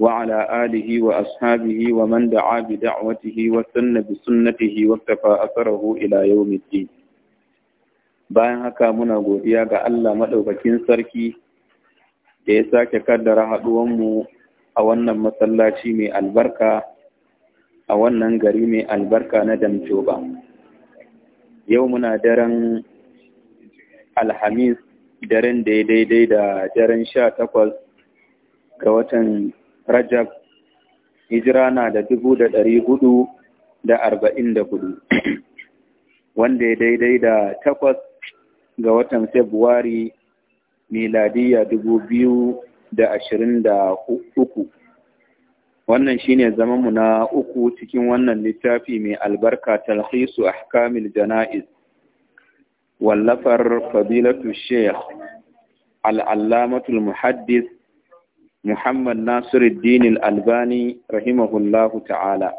وعلى آله وأصحابه ومن دعا بدعوته وسن بسنته واكتفى أثره إلى يوم الدين bayan haka muna godiya ga Allah maɗaukakin sarki da ya sake kaddara haɗuwanmu a wannan masallaci mai albarka a wannan gari mai albarka na damjoba yau muna daren alhamis daren daidai da daren sha takwas ga watan rajab hijira na da dubu da ɗari hudu da arba'in da hudu wanda ya daidai da takwas ga watan februari miladiya dubu biyu da ashirin da uku wannan shi ne zamanmu na uku cikin wannan littafi mai albarka talhisu ahkamil jana'iz wallafar fadilatu sheikh al'allamatul muhaddis Muhammad Nasiruddin albani rahimahullahu ta'ala.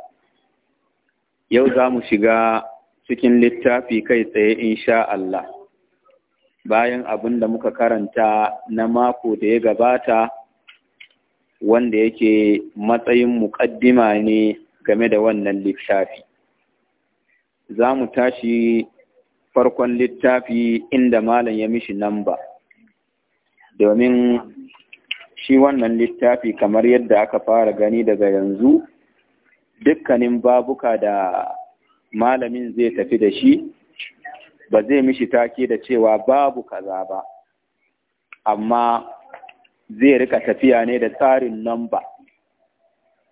Yau za mu shiga cikin littafi kai tsaye in sha Allah. Bayan abin da muka karanta na mako da ya gabata wanda yake matsayin muƙaddima ne game da wannan littafi. Za mu tashi farkon littafi inda malam ya mishi namba domin shi wannan littafi kamar yadda aka fara gani daga yanzu dukkanin babuka da malamin zai tafi da shi ba zai mishi take da cewa babu kaza ba amma zai rika tafiya ne da tsarin namba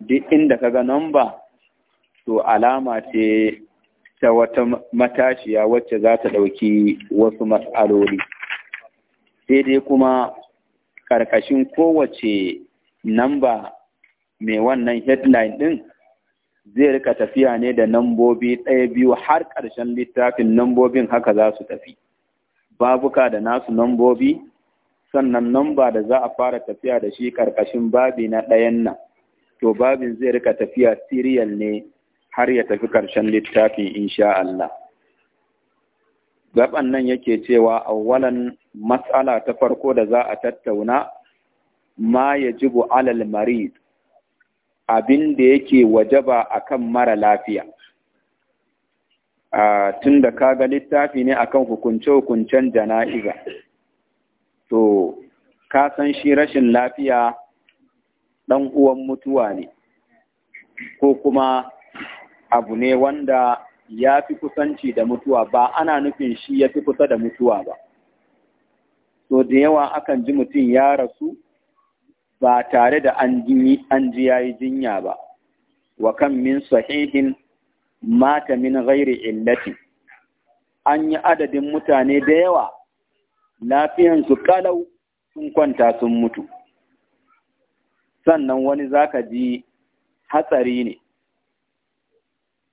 duk inda ka ga namba to alama ce ta wata matashiya wacce za ta ɗauki wasu matsaloli sai dai kuma ƙarƙashin kowace namba mai wannan headline ɗin zai rika tafiya ne da nambobi ɗaya biyu har ƙarshen littafin nambobin haka za su tafi babuka da nasu nambobi sannan namba da za a fara tafiya da shi ƙarƙashin babi na ɗayan nan to babin zai rika tafiya siriyal ne har ya tafi ƙarshen littafin insha Allah gaban nan yake cewa awwalan matsala ta farko da za a tattauna ma ya jibu alal marid abin da yake wajaba akan mara lafiya Tunda da kaga littafi ne akan hukunce-hukuncen jana'iza to ka san shi rashin lafiya ɗan uwan mutuwa ne ko kuma abu ne wanda ya fi kusanci da mutuwa ba ana nufin shi ya fi kusa da mutuwa ba so da yawa akan ji mutum ya rasu ba tare da an ji ya yi jinya ba wa kan min sahihin mata min ghairi illati an yi adadin mutane da yawa su kalau sun kwanta sun mutu sannan wani zaka ji hatsari ne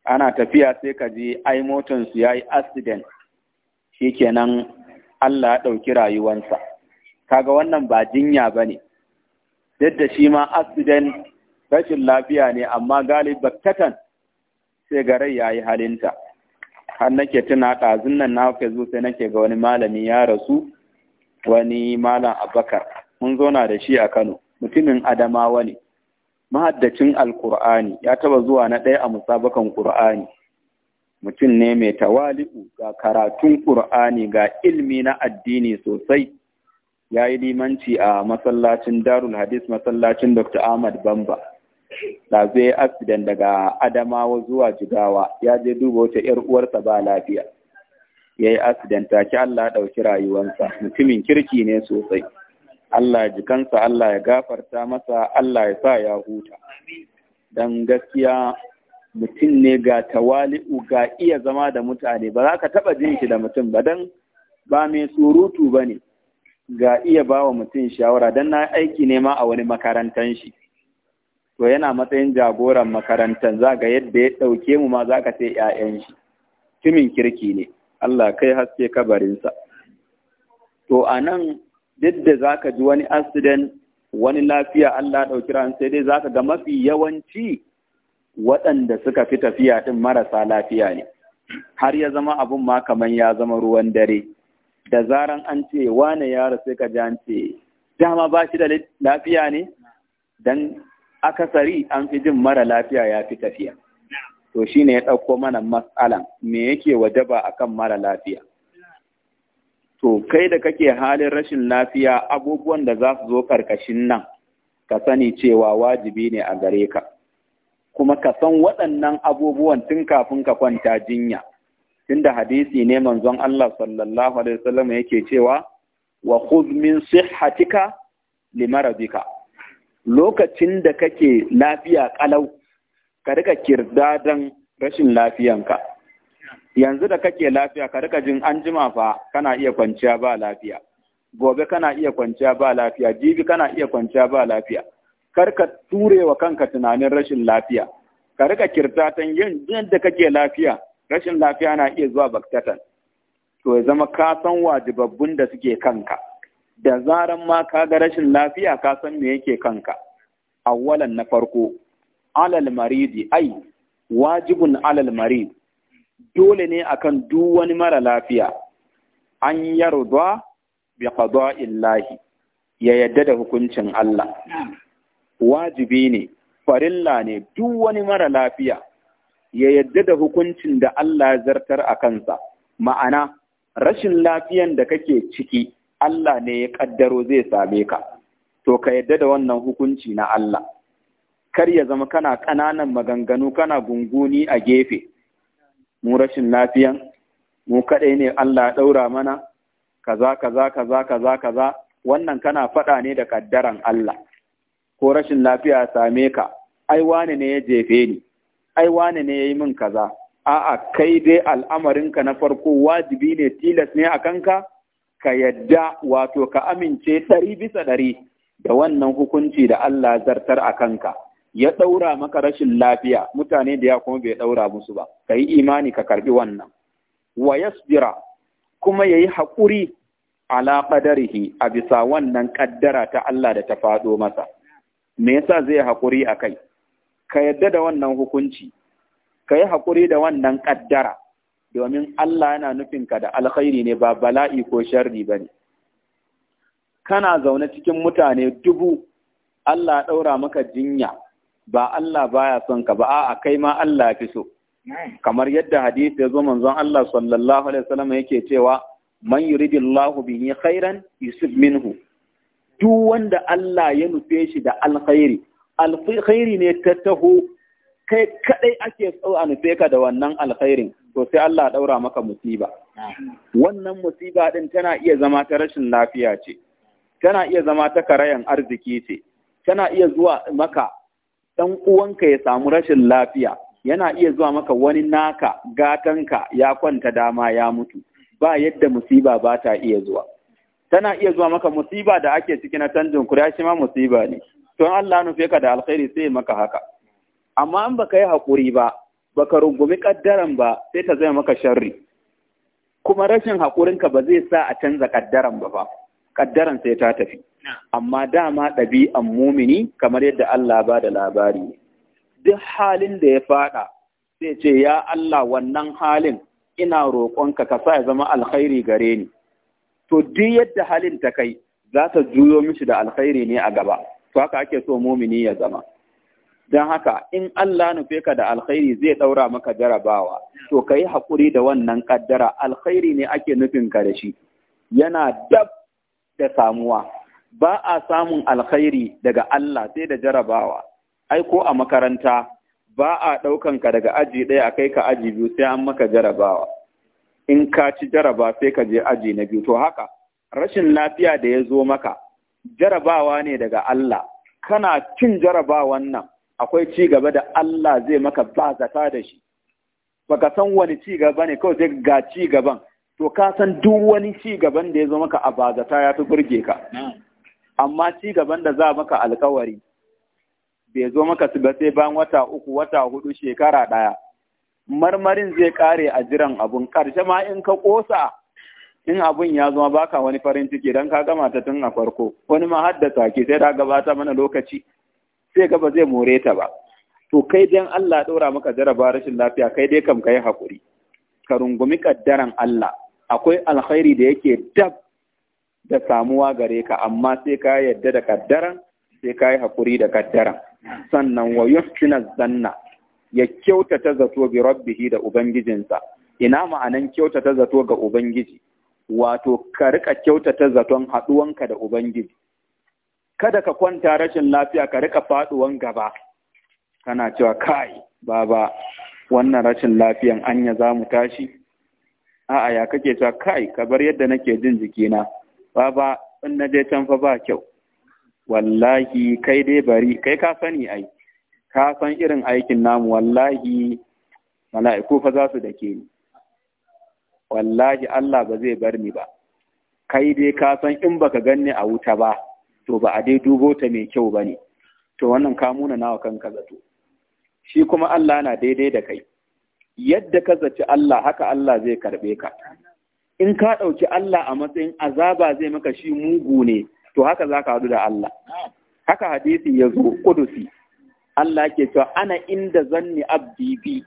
ana tafiya sai ka ji ai motansu ya yi accident shikenan Allah ya ɗauki rayuwansa kaga wannan ba jinya ba ne Yadda shi ma accident rashin lafiya ne amma galibatan sai ga rai ya yi halinta har nake tuna ɗazun nan na ke, zo sai nake ga wani malami ya rasu wani malam abakar mun zauna da shi a kano mutumin adamawa ne mahaddacin alkur'ani ya taba zuwa na ɗaya a musabakan ƙur'ani mutum ne mai tawali'u ga karatun ƙur'ani ga ilmi na addini sosai ya yi limanci a masallacin darul hadis masallacin dr ahmad bamba da zai accident daga adamawa zuwa jigawa ya je duba wata yar uwarsa ba lafiya ya yi accident ki allah ɗauki rayuwarsa mutumin kirki ne sosai Allah ya jikansa Allah ya gafarta masa Allah ya sa ya huta dan gaskiya mutum ne ga tawali'u ga iya zama da mutane ba za ka taba jin shi da mutum ba don ba mai surutu ba ne ga iya ba wa mutum shawara Don na aiki ne ma a wani makarantar shi to yana matsayin jagoran makarantar za ga yadda ya ɗauke mu ma za ka sai 'ya'yan shi timin kirki ne Allah kai haske kabarinsa to a nan duk da za ka ji wani accident wani lafiya Allah ɗauki ran sai dai za ka ga mafi yawanci waɗanda suka fi tafiya ɗin marasa lafiya ne har ya zama abin ma kamar ya zama ruwan dare da zaran an ce wane yaro sai ka ji an ce dama ba shi da lafiya ne dan akasari an fi jin mara lafiya ya fi tafiya to shine ya ɗauko mana matsalan me yake wajaba akan mara lafiya to kai da kake halin rashin lafiya abubuwan da za su zo karkashin nan ka sani cewa wajibi ne a gare ka kuma ka san waɗannan abubuwan tun kafin ka kwanta jinya tunda hadisi ne manzon Allah sallallahu alaihi wasallam yake cewa wa khudh min sihhatika limaradika lokacin da kake lafiya kalau ka rika kirdadan rashin lafiyanka yanzu da kake lafiya ka rika jin an jima fa kana iya kwanciya ba lafiya gobe kana iya kwanciya ba lafiya jibi kana iya kwanciya ba lafiya kar ka ture wa kanka tunanin rashin lafiya ka rika kirtatan yin yadda kake lafiya rashin lafiya na iya zuwa baktatan to ya zama ka san wajibabbun da suke kanka da zaran ma ka ga rashin lafiya ka san me yake kanka awwalan na farko alal maridi ai wajibun alal marid dole ne akan duk wani mara lafiya an yarda bi Illahi, ya yadda da hukuncin Allah wajibi ne farilla ne duk wani mara lafiya ya yadda da hukuncin da Allah zartar a kansa ma'ana rashin lafiyan da kake ciki Allah ne ya kaddaro zai same ka to ka yadda da wannan hukunci na Allah kar ya zama kana ƙananan maganganu kana gunguni a gefe mu rashin lafiyan mu kaɗai ne Allah ɗaura mana kaza kaza kaza kaza kaza wannan kana faɗa ne da ƙaddaran Allah ko rashin lafiya same ka ai wane ne ya jefe ni ai wane ne ya yi min kaza a'a kai dai al'amarinka na farko wajibi ne tilas ne a kanka ka yadda wato ka amince ɗari bisa ɗari da wannan hukunci da Allah zartar a kanka ya ɗaura maka rashin lafiya mutane da ya kuma bai ɗaura musu ba ka yi imani ka karɓi wannan wa yasbira kuma ya yi haƙuri ala a bisa wannan ƙaddara ta Allah da ta faɗo masa me yasa zai haƙuri a kai ka yadda da wannan hukunci ka yi haƙuri da wannan ƙaddara domin Allah yana nufin ka da alkhairi ne ba bala'i ko sharri ba ne kana zaune cikin mutane dubu Allah ɗaura maka jinya ba Allah baya son ka ba a kai ma Allah fi so kamar yadda hadisi ya zo manzon Allah sallallahu alaihi wasallam yake cewa man yuridillahu bihi khairan yusib minhu duk wanda Allah ya nufe shi da alkhairi alkhairi ne ta taho kai kadai ake so a nufe ka da wannan alkhairin to sai Allah ɗaura maka musiba wannan musiba din tana iya zama ta rashin lafiya ce tana iya zama ta karayan arziki ce tana iya zuwa maka ɗan uwanka ya samu rashin lafiya yana iya zuwa maka wani naka gatanka ya kwanta dama ya mutu ba yadda musiba ba ta iya zuwa tana iya zuwa maka musiba da ake ciki na canjin ya shi ma musiba ne don Allah nufe ka da alkhairi sai maka haka amma in baka yi haƙuri ba baka rungumi kaddaran ba sai ta zai maka sharri kuma rashin haƙurinka ba zai sa a canza kaddaran ba ba kaddaransa ya ta tafi amma dama ɗabi'an mumini kamar yadda Allah ba da labari ne duk halin da ya faɗa sai ce ya Allah wannan halin ina roƙonka ka sa ya zama alkhairi gare ni to duk yadda halin ta kai za ta juyo mishi da alkhairi ne a gaba to haka ake so mumini ya zama don haka in Allah nufe ka da alkhairi zai ɗaura maka jarabawa to ka yi haƙuri da wannan ƙaddara alkhairi ne ake nufin ka da shi yana dab da samuwa ba a samun alkhairi daga Allah sai da jarabawa ai ko a makaranta ba a ɗaukan ka daga aji ɗaya a kai ka aji biyu sai an maka jarabawa in ka ci jaraba sai ka je aji na biyu to haka rashin lafiya da ya zo maka jarabawa ne daga Allah kana cin jarabawan nan akwai ci gaba da Allah zai maka ba zata da shi baka san wani ci gaba ne kawai sai ga ci gaban to ka san duk wani ci gaban da ya zo maka a bazata ya fi burge ka amma ci gaban da za maka alkawari bai zo maka su ba sai bayan wata uku wata hudu shekara ɗaya marmarin zai kare a jiran abun ƙarshe ma in ka ƙosa in abun ya zama baka wani farin ciki dan ka gama ta tun a farko wani ma haddasa ke sai da gabata mana lokaci sai gaba zai more ta ba to kai dan Allah ɗora maka jaraba rashin lafiya kai dai kam yi haƙuri. ka rungumi ƙaddaran Allah akwai alkhairi da yake dab da samuwa gare ka amma sai ka yadda da kaddara sai ka yi haƙuri da kaddara. sannan wa yustina zanna ya kyautata zato bi rabbihi da ubangijinsa ina ma'anan kyautata zato ga ubangiji wato ka rika kyautata zaton haɗuwanka da ubangiji kada ka kwanta rashin lafiya ka rika faduwan gaba kana cewa kai baba wannan rashin lafiyan anya za mu tashi a'a ya kake cewa kai ka bar yadda nake jin jikina baba in na je can fa ba kyau wallahi kai dai bari kai ka sani ai ka san irin aikin namu wallahi mala'iku fa za su dake ni wallahi Allah ba zai bar ni ba kai dai ka san in baka ganni a wuta ba to ba a dai dubo ta mai kyau bane to wannan ka muna nawa kanka zato shi kuma Allah na daidai da kai yadda ka zaci Allah haka Allah zai karɓe ka in ka ɗauki Allah a matsayin azaba zai maka shi mugu ne to haka za ka haɗu da Allah haka hadisi ya zo ƙudusi, Allah ke cewa ana inda zanni abdi bi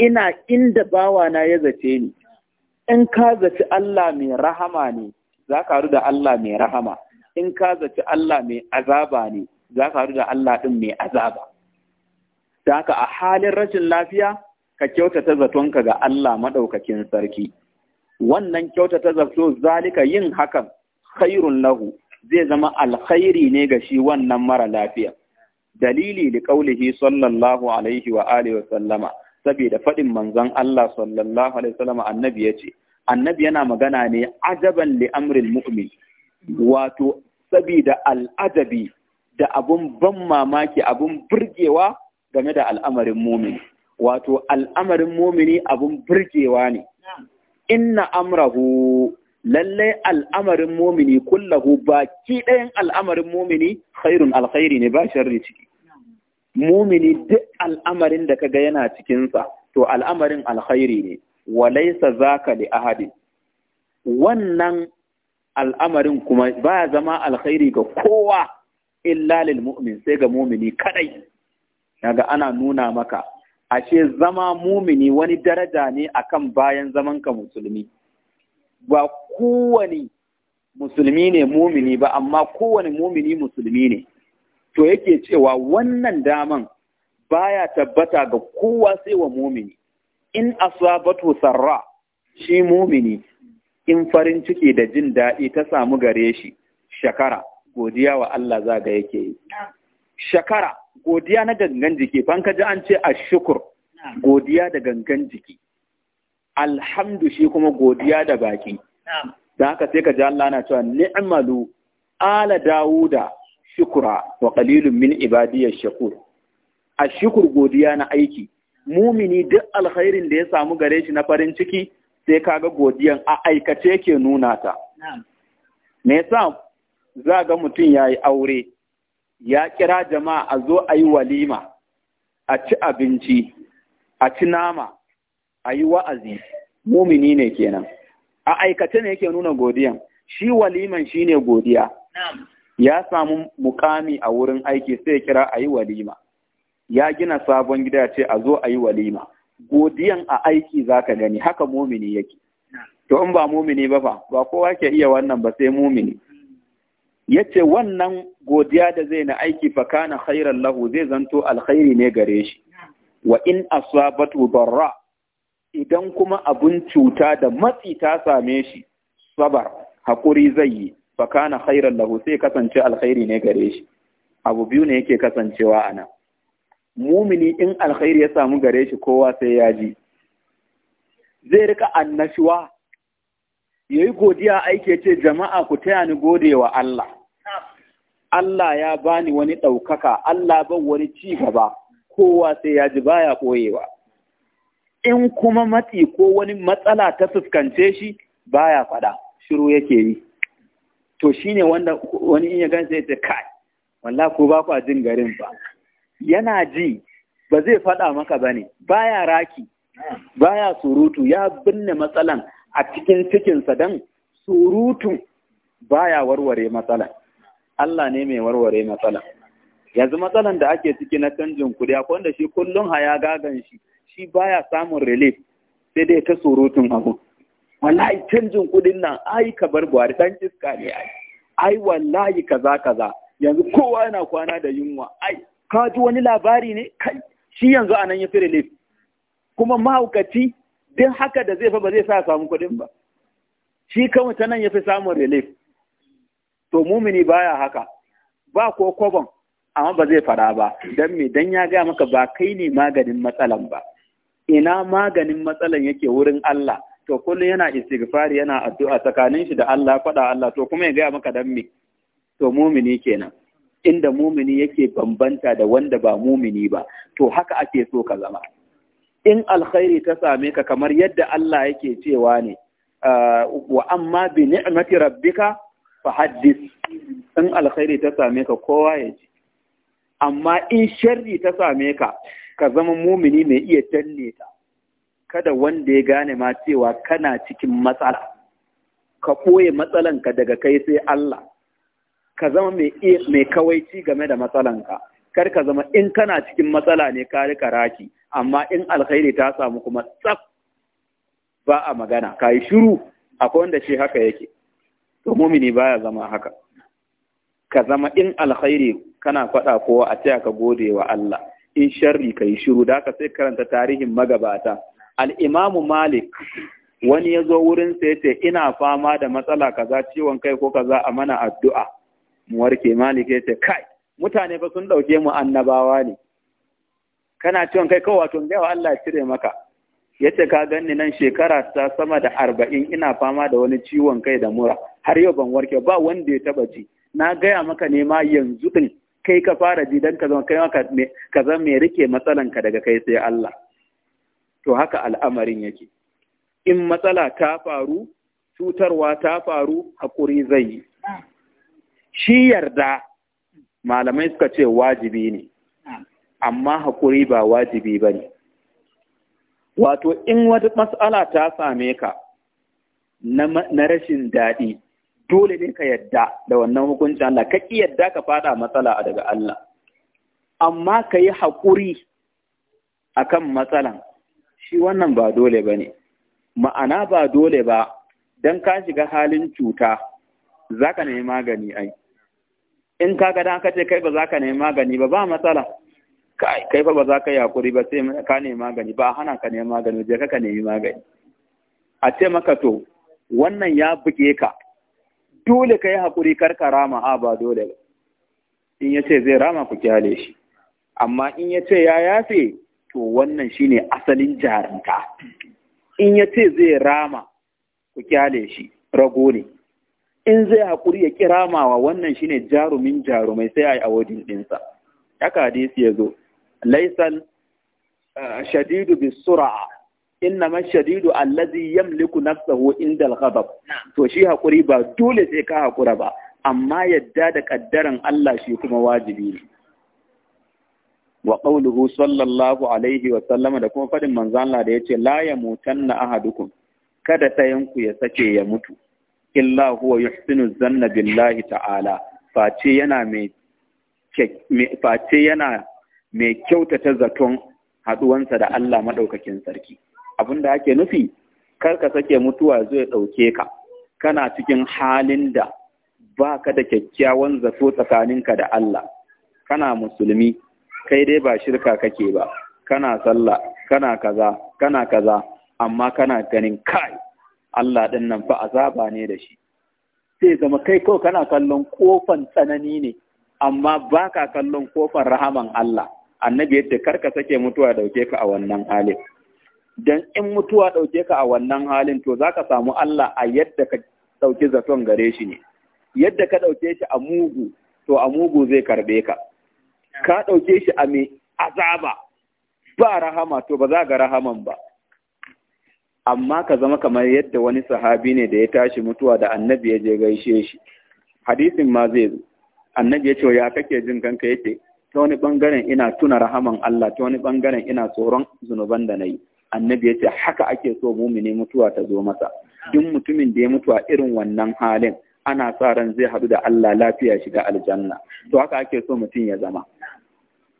ina inda bawana ya zace ni in ka zaci Allah mai rahama ne za ka haɗu da Allah mai rahama in ka zaci Allah mai azaba ne za ka haɗu da Allah ɗin mai azaba da haka a halin rashin lafiya ka kyautata zatonka ga Allah maɗaukakin sarki wannan kyautata zato zalika yin hakan khairun lahu zai zama alkhairi ne ga shi wannan mara lafiya dalili da ƙaulihi sallallahu alaihi wa Alaihi wa sallama saboda faɗin manzon Allah sallallahu alaihi wasallama annabi ya ce annabi yana magana ne ajaban li amril mu'min wato saboda al'ajabi da abun ban mamaki abun burgewa game da al'amarin mumin wato al'amarin mumini abin burgewa ne inna amrahu lallai al'amarin mumini kullahu baki ɗayan al'amarin momini khairun alkhairi ne ba sharri ciki mumini duk al'amarin da kaga yana cikinsa to al'amarin alkhairi ne walaisa zaka li ahadin wannan al'amarin kuma ba zama alkhairi ga kowa illa lil mu'min sai ga mumini kaɗai daga ana nuna maka ashe zama mumini wani daraja ne akan bayan zaman ka musulmi ba kowane musulmi ne mumini ba amma kowane mumini musulmi ne to yake cewa wannan daman baya tabbata ga kowa sai wa mumini in asabatu sarra shi mumini in farin ciki da jin daɗi ta samu gare shi shakara godiya wa Allah zaga yake yi shakara godiya na gangan jiki ban ka ji an ce a shukur. godiya da gangan jiki alhamdu shi kuma godiya da baki da haka sai ka ji Allah na cewa ni'malu ala dawuda shukura wa qalilun min shukur A shukur godiya na aiki mumini duk alkhairin da ya samu gare shi na farin ciki sai kaga godiyan a aikace yake nuna ta me yasa za ga mutum yi aure ya kira jama'a a zo a yi walima a ci abinci a ci nama a yi wa'azi mumini ne kenan a aikace ne yake nuna godiyan shi waliman shine godiya ya samu mukami a wurin aiki sai kira a yi walima ya gina sabon gida ce a zo a yi walima godiyan a aiki zaka gani haka mumini yake to in ba mumini ba fa ba kowa ke iya wannan ba sai mumini ya ce wannan godiya da zai na aiki na khairan lahu zai zanto alkhairi ne gare shi wa in asabatu barra idan kuma abun cuta da matsi ta same shi sabar hakuri zai yi na khairan lahu sai kasance alkhairi ne gare shi abu biyu ne yake kasancewa a mumini in alkhairi ya samu gare shi kowa sai ya ji zai rika annashuwa yayi godiya aiki ya ce jama'a ku taya ni gode wa Allah Allah ya bani wani ɗaukaka, Allah ban wani ci gaba, kowa sai ya ji baya ɓoyewa. In kuma matsi ko wani matsala ta fuskance shi baya faɗa, shiru yake yi. To shi ne wanda wani in ya gansa ya ce kai, walla ko ba kwa jin garin ba. Yana ji, ba zai faɗa maka ba ne, baya raki, baya surutu, ya binne matsalan a cikin cikinsa don surutu baya warware matsalan. Allah ne mai warware matsala yanzu matsalan da ake ciki na canjin kuɗi akwai wanda shi kullum haya gagan shi shi baya samun relief sai dai ta surutun abu wallahi canjin kuɗin nan ai ka bar buhari dan iska ne ai ai wallahi kaza kaza yanzu kowa yana kwana da yunwa ai ka ji wani labari ne kai shi yanzu anan ya fi relief kuma mahaukaci duk haka da zai fa ba zai sa samu kuɗin ba shi kawai ta nan ya fi samun relief to mumini baya haka ba ko kwabon amma ba zai fara ba don me dan ya gaya maka ba kai ne maganin matsalan ba ina maganin matsalan yake wurin Allah to kullum yana istighfari yana addu'a tsakanin shi da Allah faɗa Allah to kuma ya gaya maka dan me to mumini kenan inda mumini yake bambanta da wanda ba mumini ba to haka ake so ka zama in alkhairi ta same ka kamar yadda Allah yake cewa ne ah, wa amma bi ni'mati rabbika fa haddis in alkhairi ta same ka kowa ya ji amma in sharri ta same ka ka zama mumini mai iya danne ta kada wanda ya gane ma cewa kana cikin matsala ka ɓoye matsalanka daga kai sai Allah ka zama mai kawaici game da matsalanka kar ka zama in kana cikin matsala ne ka rika raki amma in alkhairi ta samu kuma tsaf ba a magana ka yi shiru akwai wanda shi haka yake to mumini baya zama haka ka zama in alkhairi kana faɗa kowa a taya ka gode wa Allah in sharri ka yi shiru da ka sai karanta tarihin magabata al'imamu malik wani ya zo wurin sai ce ina fama da matsala kaza ciwon kai ko kaza a mana addu'a mu warke malik ya kai mutane fa sun ɗauke mu annabawa ne kana ciwon kai kawai wato wa Allah cire maka ya ce ka ganni nan shekara ta sama da arba'in ina fama da wani ciwon kai da mura har yau ban warke ba wanda ya taba ji na gaya maka ne ma yanzu din kai ka fara ji dan ka zama kai maka ka zama mai rike matsalan ka daga kai sai Allah to haka al'amarin yake in matsala ta faru cutarwa ta faru hakuri zai yi shi yarda malamai suka ce wajibi ne amma hakuri ba wajibi ba ne wato in wata matsala ta same ka na rashin daɗi dole ne ka yadda da wannan hukuncin Allah ka ƙi yadda ka fada matsala daga Allah amma ka yi haƙuri akan matsalan shi wannan ba dole ba ne ma'ana ba dole ba don ka shiga halin cuta za ka nemi magani ai in ka ga ka ce kai ba za ka nemi magani ba ba matsala kai ba za ka yi haƙuri ba sai ka nemi magani ba hana ka nemi magani je ka nemi magani a ce maka to wannan ya buge ka dole ka yi haƙuri karka rama a ba dole ba in ya ce zai rama ku kyale shi amma in ya ce ya yafe to wannan shine asalin jarinta in ya ce zai rama ku kyale shi rago ne in zai haƙuri ya ƙi ramawa wannan shine jarumin jarumai sai a yi awadin ɗinsa haka hadisi ya zo laisal eh, shadidu bi sura'a. inna man shadidu allazi yamliku nafsahu inda al-ghadab to shi hakuri ba dole sai ka hakura ba amma yadda da kaddaran Allah shi kuma wajibi ne wa qawluhu sallallahu alaihi wa sallama da kuma fadin manzo Allah da yace la yamutanna ahadukum kada ku ya sake ya mutu illa huwa yuhsinu zanna billahi ta'ala face yana mai face yana mai kyautata zaton haduwansa da Allah madaukakin sarki abin da ake nufi kar ka sake mutuwa zai ɗauke ka kana cikin halin da ba ka da kyakkyawan zato tsakaninka da Allah kana musulmi kai dai ba shirka kake ba kana sallah kana kaza kana kaza amma kana ganin kai Allah ɗin nan fa azaba ne da shi sai zama kai ko kana kallon kofan tsanani ne amma ba ka kallon kofan rahaman Allah annabi yadda karka sake mutuwa dauke ka a wannan halin dan in mutuwa dauke ka a wannan halin to za ka samu Allah a yadda ka ɗauki zaton gare shi ne yadda ka ɗauke shi a mugu to a mugu zai karɓe ka ka ɗauke shi a mai azaba ba rahama to ba za ga rahaman ba amma ka zama kamar yadda wani sahabi ne da ya tashi mutuwa da annabi ya je gaishe shi hadisin ma zai zo annabi ya ce ya kake jin kanka yake ta wani bangaren ina tuna rahaman Allah ta wani bangaren ina tsoron zunuban da na yi annabi ya ce haka ake so mumini mutuwa ta zo masa duk mutumin da ya mutu a irin wannan halin ana sa ran zai haɗu da Allah lafiya shiga aljanna to haka ake so mutum ya zama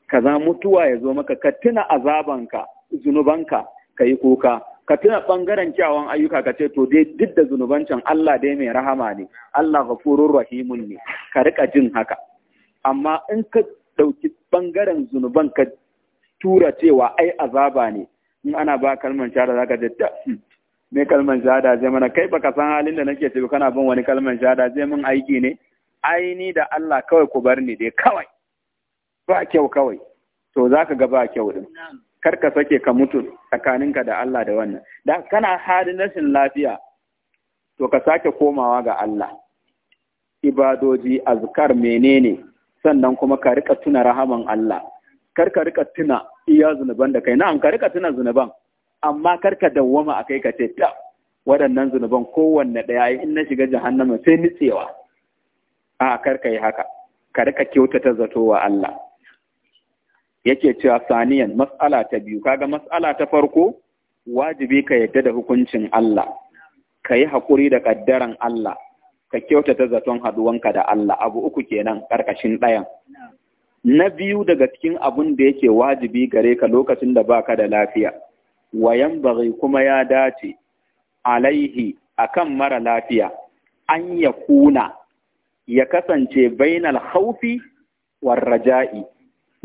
kaza mutuwa ya zo maka ka tuna azabanka zunubanka ka yi kuka ka tuna ɓangaren kyawun ayyuka ka ce to dai duk da zunubancin Allah dai mai rahama ne Allah ghafurur rahimun ne ka rika jin haka amma in ka ɗauki bangaren zunuban ka tura cewa ai azaba ne in ana ba kalman shahada zaka je ta hmm, me kalman shahada zai mana kai baka san halin da nake ciki kana bin wani kalman shahada zai min aiki ne Aini da Allah kawai ku bar ni dai kawai ba kyau kawai to zaka ga ba kyau din kar ka sake ka mutu tsakaninka da Allah da wannan da kana halin rashin lafiya to ka sake komawa ga Allah ibadoji azkar menene sannan kuma ka rika tuna rahaman Allah kar ka rika tuna iya zunuban da kai na'am ka rika tuna zunuban amma kar ka a kai ka ce ta waɗannan zunuban kowanne ɗaya in na shiga jahannama sai nitsewa a kar ka yi haka ka rika kyautata zato wa Allah yake cewa saniyan mas'ala ta biyu kaga mas'ala ta farko wajibi ka yadda da hukuncin Allah ka yi haƙuri da ƙaddaran Allah ka kyautata zaton haɗuwanka da Allah abu uku kenan ƙarƙashin ɗayan na biyu daga cikin abun da yake wajibi gare ka lokacin da baka da lafiya wayan bari kuma ya dace alaihi akan mara lafiya an ya kuna ya kasance bainal haufi war raja'i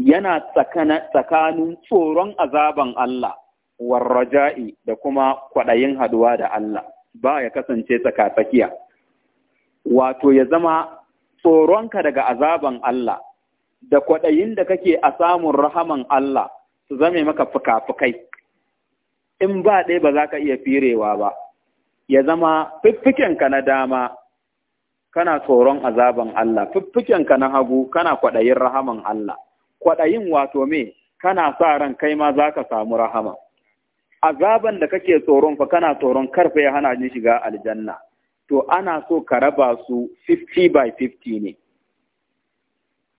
yana tsakanin tsoron azaban Allah war raja'i da kuma kwaɗayin haduwa da Allah ba ya kasance tsakatsakiya wato ya zama tsoronka daga azaban Allah da kwaɗayin da kake a samun rahaman Allah su zame maka fuka-fukai in ba ɗaya ba za ka iya firewa ba ya zama fiffikenka na dama kana tsoron azaban Allah fiffikenka na hagu kana kwaɗayin rahaman Allah kwaɗayin wato me kana sa ran kai ma za ka samu rahama azaban da kake tsoron fa kana tsoron karfe ya hana ni shiga aljanna to ana so ka raba su 50 by 50 ne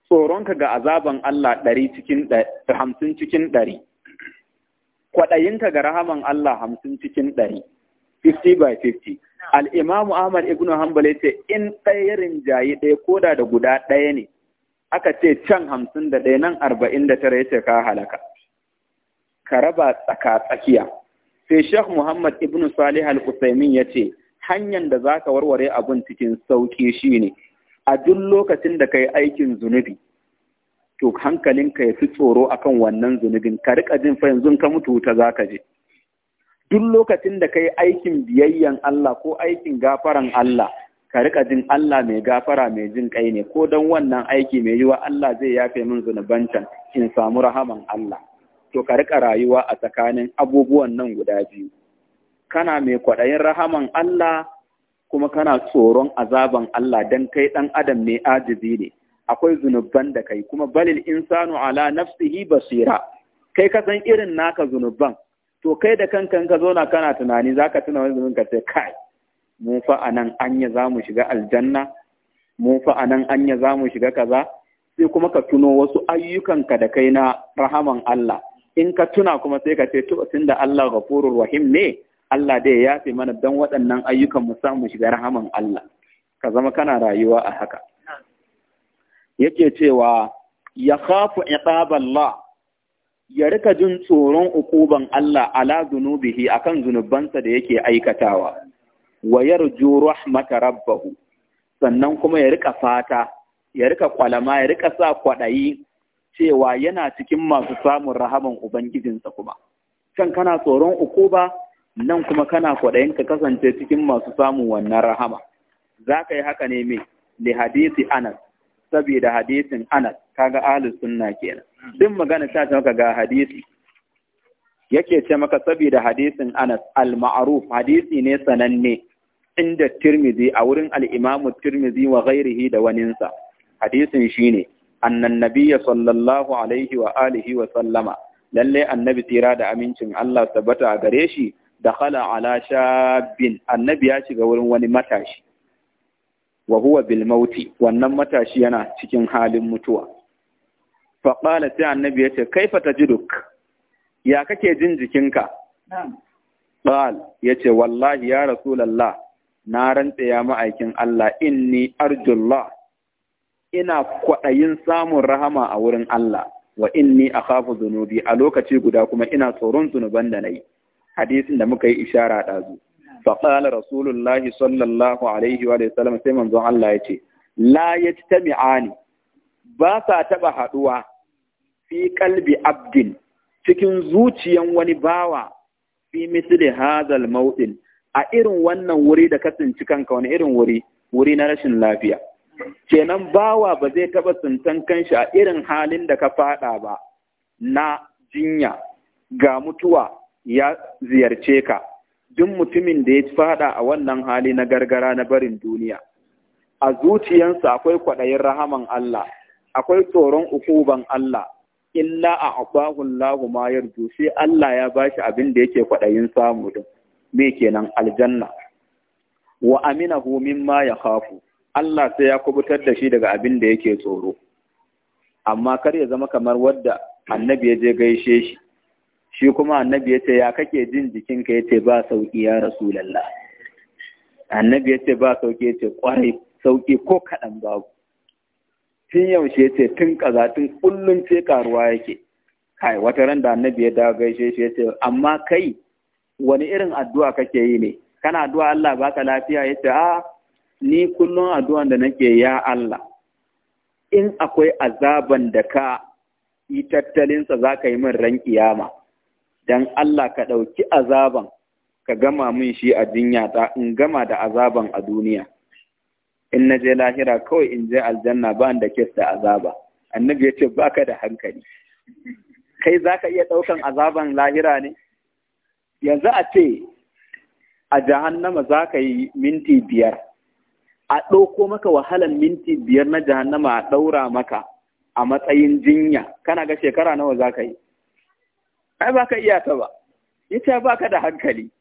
tsoronka ga azaban Allah ɗari cikin hamsin cikin ɗari, kwaɗayinka ga rahaman Allah hamsin cikin ɗari, 50 by 50. Al'imamu Ahmad Ibn Hanbal ya ce, in ɗaya rinjaye ɗaya ko da da guda ɗaya ne, aka ce can hamsin da ɗaya nan arba'in da tara ya ce ka halaka. Ka raba tsaka-tsakiya. Sai Sheikh Muhammad Ibn Salih Al-Usaimin ya ce, hanyar da za ka warware abin cikin sauƙi shi ne, a duk lokacin da kai aikin zunubi to hankalinka ya fi tsoro akan wannan zunubin ka rika jin fa yanzu ka mutu wuta zaka je duk lokacin da kai aikin biyayyan Allah ko aikin gafaran Allah ka rika jin Allah mai gafara mai jin kai ne ko don wannan aiki mai yiwa Allah zai yafe min zunubancan in samu rahaman Allah to ka rika rayuwa a tsakanin abubuwan nan guda biyu kana mai kwaɗayin rahaman Allah kuma kana tsoron azaban Allah dan kai dan adam ne ajizi ne akwai zunuban da kai kuma balil insanu ala nafsihi basira kai ka san irin naka zunuban to kai da kanka ka zauna kana tunani zaka tuna wani zunubin ka sai kai mu fa anan anya zamu shiga aljanna mu fa anan anya zamu shiga kaza sai kuma ka tuno wasu ayyukanka da kai na rahaman Allah in ka tuna kuma sai ka ce to tunda Allah ghafurur rahim ne Allah dai ya yafe mana don waɗannan ayyukan mu samu shiga rahaman Allah ka zama kana rayuwa a haka yake cewa ya khafu iqaballah ya rika jin tsoron ukuban Allah ala zunubihi kan zunubansa da yake aikatawa wa yarju rahmata rabbahu sannan kuma ya rika fata ya rika kwalama ya rika sa kwaɗayi. cewa yana cikin masu samun rahaman ubangijinsa kuma can kana tsoron ukuba nan kuma kana kwaɗayin ka kasance cikin masu samun wannan rahama za ka yi haka ne mai li hadisi anas saboda hadisin anas kaga ahlus sunna kenan din magana ta ce maka ga hadisi yake ce maka saboda hadisin anas al-ma'ruf hadisi ne sananne inda tirmizi a wurin al tirmizi wa ghairihi da waninsa hadisin shine annan nabiyya sallallahu alaihi wa alihi wa sallama lalle annabi tira da amincin Allah tabbata a gare shi da khala ala shabin annabi ya shiga wurin wani matashi wa huwa bil mauti wannan matashi yana cikin halin mutuwa fa qala sai annabi yace kaifa tajiduk ya kake jin jikinka qal yace wallahi ya rasulullah na rantsa ya ma'aikin Allah inni arjullah ina kwaɗayin samun rahama a wurin Allah wa inni akhafu zunubi a lokaci guda kuma ina tsoron zunuban da nayi hadisin da muka yi ishara ɗazu. Faƙala Rasulullahi sallallahu Alaihi wa sallam sai manzon Allah ya ce, La ya ci ta mi'ani, ba sa taɓa haɗuwa fi kalbi abdin cikin zuciyan wani bawa fi misli hazal mauɗin a irin wannan wuri da tsinci kanka wani irin wuri, wuri na rashin lafiya. Kenan bawa ba zai taɓa tsintan kanshi a irin halin da ka faɗa ba na jinya ga mutuwa ya ziyarce ka duk mutumin da ya fada a wannan hali na gargara na barin duniya a zuciyansa akwai kwaɗayin rahaman Allah akwai tsoron ukuban Allah illa a abahu laguma ma sai Allah ya bashi abin da yake kwaɗayin samu din me kenan aljanna wa Amina ma ya kafu Allah sai ya kubutar da shi daga abin da yake tsoro amma kar ya zama kamar wadda annabi ya je gaishe shi shi kuma annabi ya ya kake jin jikinka ya ce ba sauki ya rasulullah annabi yace ba sauki ya ce kwarai sauki ko kaɗan babu tun yaushe ya ce tun kaza tun kullum ce karuwa yake kai wata ran da annabi ya dawo gaishe shi yace amma kai wani irin addu'a kake yi ne kana addu'a Allah baka lafiya ya a ni kullum addu'an da nake ya Allah in akwai azaban da ka yi tattalinsa za ka yi min ran kiyama dan Allah ka ɗauki azaban ka gama min shi a jinya ta in gama da azaban a duniya in na je lahira kawai in je aljanna ba da kes da azaba annabi ya ce ba ka da hankali kai za ka iya ɗaukan azaban lahira ne yanzu a ce a jahannama za ka yi minti biyar a ɗauko maka wahalan minti biyar na jahannama a ɗaura maka a matsayin jinya kana ga shekara nawa za ka yi ai ba ka iya ta ba ita ba ka da hankali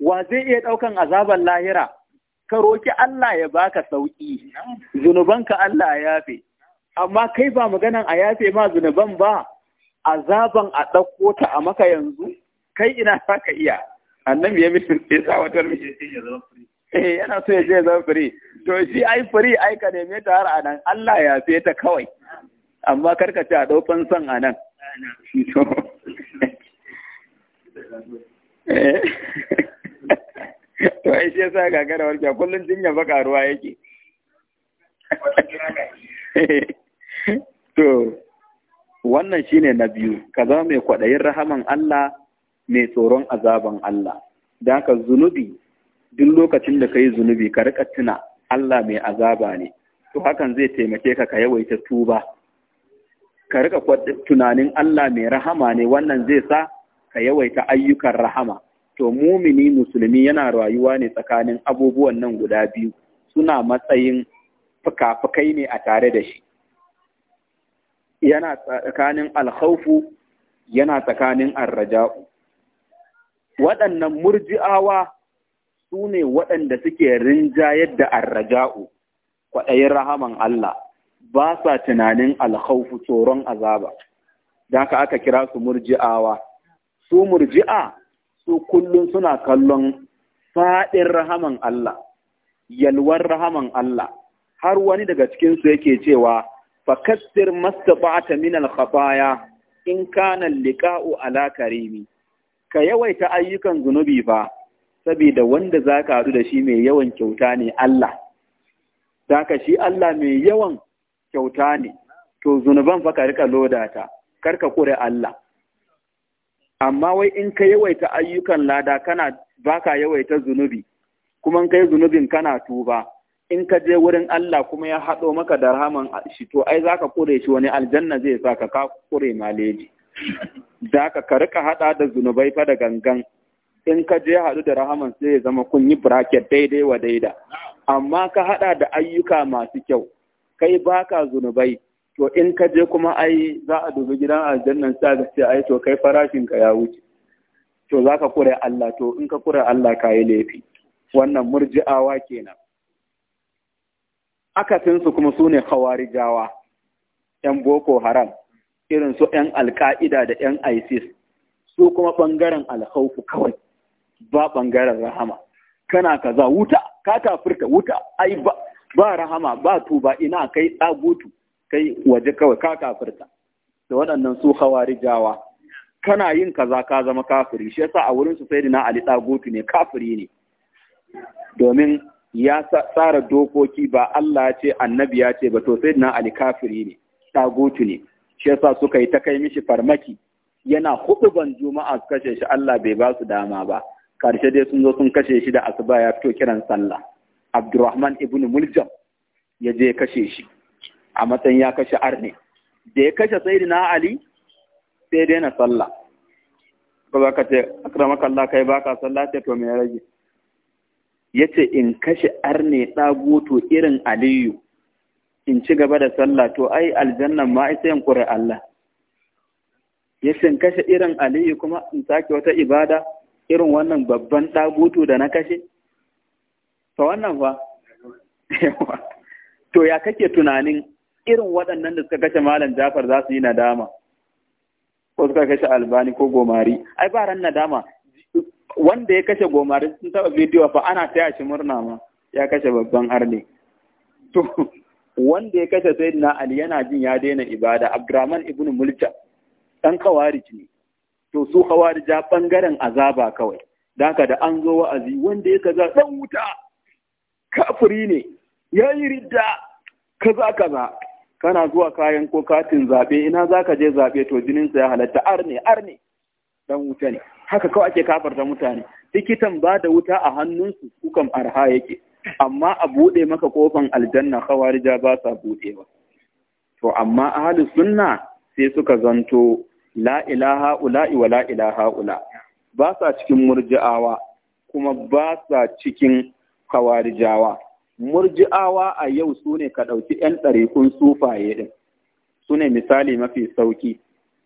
wa zai iya ɗaukan azaban lahira ka roki Allah ya baka sauki zunubanka Allah ya yafe amma kai ba maganan a yafe ma zunuban ba azaban a ɗauko ta a maka yanzu kai ina za ka iya Annan ya mi sai sa wata eh yana so ya je zama firi to shi ai firi ai ka neme ta har anan Allah ya fe ta kawai amma karka ci a ɗaukan son anan Eh. to ai shi yasa gagara warke kullum jinya baka ruwa yake to wannan shine na biyu ka zama mai kwaɗayin rahaman Allah mai tsoron azaban Allah da ka zunubi duk lokacin da ka zunubi ka rika tuna Allah mai azaba ne to hakan zai taimake ka ka yawaita tuba ka rika tunanin Allah mai rahama ne wannan zai sa ka yawaita ayyukan rahama to mumini musulmi yana rayuwa ne tsakanin abubuwan nan guda biyu suna matsayin fukafukai ne a tare da shi yana tsakanin alkhaufu yana tsakanin arraja'u waɗannan murji'awa su ne waɗanda suke rinjayar da arraja'u kwaɗayin rahaman Allah ba sa tunanin alhaufu tsoron azaba da aka kira su murji'awa su murji'a su kullum suna kallon faɗin rahaman Allah yalwar rahaman Allah har wani daga cikinsu yake cewa fakassir mastata'ata min al in kana liqa'u ala karimi ka yawaita ayyukan zunubi ba, saboda wanda zaka haɗu da shi mai yawan kyauta ne Allah zaka shi Allah mai yawan kyauta ne to zunuban fa ka rika lodata karka kure Allah amma wai in ka yawaita ayyukan lada kana baka yawaita zunubi kuma in ka yi zunubin kana tuba in ka je wurin Allah kuma ya haɗo maka da rahaman shi to ai zaka kure shi wani aljanna zai sa ka kure maleji da ka ka haɗa da zunubai fa da gangan in ka je haɗu da rahaman sai ya zama kun yi bracket daidai wa daida amma ka haɗa da ayyuka masu kyau kai baka zunubai to in ka je kuma ai za a dubi gidan aljannan sa ga ce ai to kai farashin ka ya wuce to za ka kure Allah to in ka kure Allah ka yi laifi wannan murji'awa kenan akasinsu kuma su ne hawarijawa ‘yan boko haram irin su ‘yan alka'ida da ‘yan isis su kuma bangaren alhaufu kawai ba ɓangaren rahama kana kaza wuta ka kafirta wuta ai ba rahama ba tuba ina kai tsagutu kai waje kawai ka kafirta da waɗannan su jawa kana yin kaza ka zama kafiri shi yasa a wurin su sai na ali dagotu ne kafiri ne domin ya tsara dokoki ba Allah ce annabi ya ce ba to sai na ali kafiri ne dagotu ne shi yasa suka yi ta kai mishi farmaki yana ban juma'a su kashe shi Allah bai ba su dama ba karshe dai sun zo sun kashe shi da asuba ya fito kiran sallah Abdurrahman ibn Muljam ya je kashe shi a matsayin ya kashe arne da ya kashe na ali sai daina sallah ba za ka ce akira makalla kai baka sallah ce to me rage ce in kashe arne dagoto irin aliyu in ci gaba da sallah to ai aljannan ma ita yin kure Allah ce in kashe irin aliyu kuma in sake wata ibada irin wannan babban dagoto da na kashe Ta wannan fa to ya kake tunanin irin waɗannan da suka kashe malam Jafar za su yi nadama ko suka kashe albani ko gomari ai ba ran nadama wanda ya kashe gomari sun taba bidiyo fa ana taya shi murna ma ya kashe babban arne to wanda ya kashe na ali yana jin ya daina ibada abdurrahman ibnu mulka dan khawarij ne to su ja bangaren azaba kawai daka da an zo wa'azi wanda ya kaza dan wuta kafiri ne yayi ridda kaza kaza kana zuwa kayan ko katin zaɓe ina za ka je zaɓe to jininsa ya halatta ne ar ne? dan wuta ne haka kawai ake kafarta mutane tikitan ba da wuta a hannunsu kukan arha yake amma a buɗe maka kofan aljanna khawarija ba sa buɗewa to amma ahli sunna sai suka zanto la ilaha ula'i wa ula ba sa cikin murji'awa kuma ba sa cikin khawarijawa murji'awa a yau su ne ka ɗauki 'yan ɗarikun sufaye ɗin su ne misali mafi sauki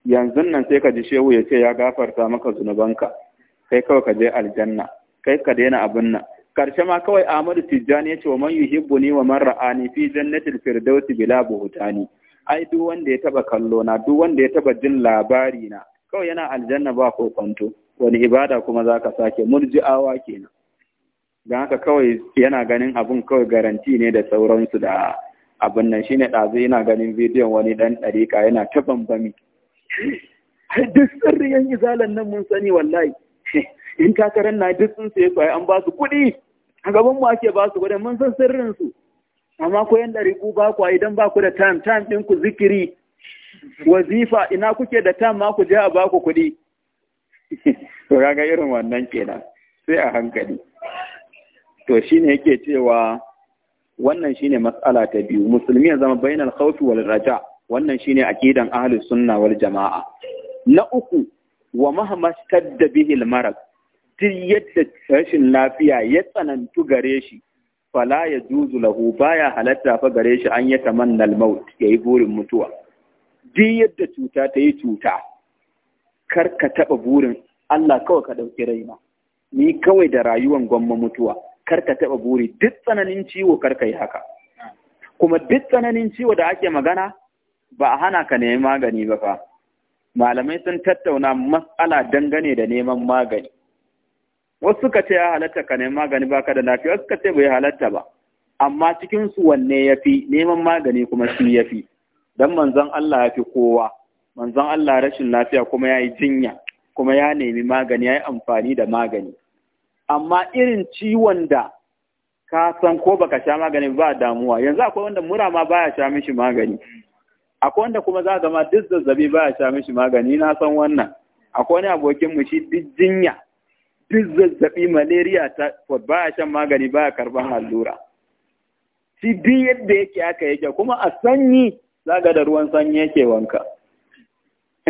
yanzu nan sai ka ji shehu ya ce ya gafarta maka zunubanka kai kawai ka je aljanna kai ka daina abin nan karshe ma kawai Amadu Tijjani ya ce wa man yuhibbuni wa man ra'ani fi jannatil firdausi bila buhutani ai duk wanda ya taba kallo na duk wanda ya taɓa jin labari na kawai yana aljanna ba ko kwanto wani ibada kuma zaka sake murji'awa kenan don haka kawai yana ganin abun kawai garanti ne da sauransu da abin nan shine ɗazu yana ganin bidiyon wani ɗan ɗarika yana ta bambami duk sirriyan izalan nan mun sani wallahi in takarar na duk sun sai kwaye an ba su kuɗi a gaban mu ake ba su gwada mun san sirrin su amma ko yan ɗariku ba ku idan ba ku da time time ɗin ku zikiri wazifa ina kuke da tam ma ku je a ba ku kuɗi to kaga irin wannan kenan sai a hankali to shi ne yake cewa wannan shi ne matsala ta biyu musulmi ya zama bainar khawfi wal raja wannan shine akidan ahlus sunna wal jamaa na uku wa mahamastar da bihi al duk yadda rashin lafiya ya tsanantu gare shi fala ya juzu lahu baya halatta fa gare shi an ya tamanna Nalmaut ya yi burin mutuwa duk yadda cuta ta yi cuta kar ka taɓa burin Allah kawai ka ɗauki raina ni kawai da rayuwan gwamma mutuwa karka taɓa buri duk tsananin ciwo karka yi haka kuma duk tsananin ciwo da ake magana ba a hana ka nemi magani ba fa malamai sun tattauna matsala dangane da neman magani wasu suka ce ya halatta ka neman magani ba ka da lafiya wasu suka ce bai halatta ba amma cikin su wanne ya fi neman magani kuma shi ya fi don manzon Allah ya fi kowa manzon Allah rashin lafiya kuma ya yi jinya kuma ya nemi magani ya yi amfani da magani amma irin ciwon da ka san ko baka sha magani ba damuwa yanzu akwai wanda mura ma baya sha mishi magani akwai wanda kuma za ga gama duk zazzabi baya sha mishi magani na san wannan akwai wani abokin mu shi duk jinya duk zazzabi malaria ta baya shan magani baya karban allura shi duk yadda yake aka yake kuma a sanyi zaga da ruwan sanyi yake wanka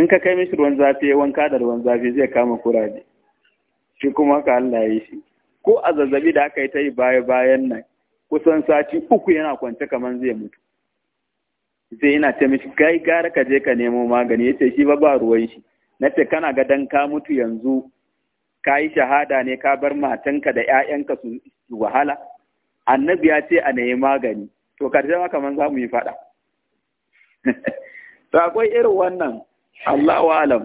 in ka kai mishi ruwan zafi wanka da ruwan zafi zai kama kuraje shi kuma ka Allah ya shi ko a zazzabi da aka yi ta yi baya bayan nan kusan sati uku yana kwance kamar zai mutu sai ina ce mishi kai gara ka je ka nemo magani yace shi ba ba ruwan shi Na ce kana ga dan ka mutu yanzu ka yi shahada ne ka bar matanka da 'ya'yanka su wahala annabi ya ce a nemi magani to karshe ma kamar za mu yi faɗa to akwai irin wannan Allahu alam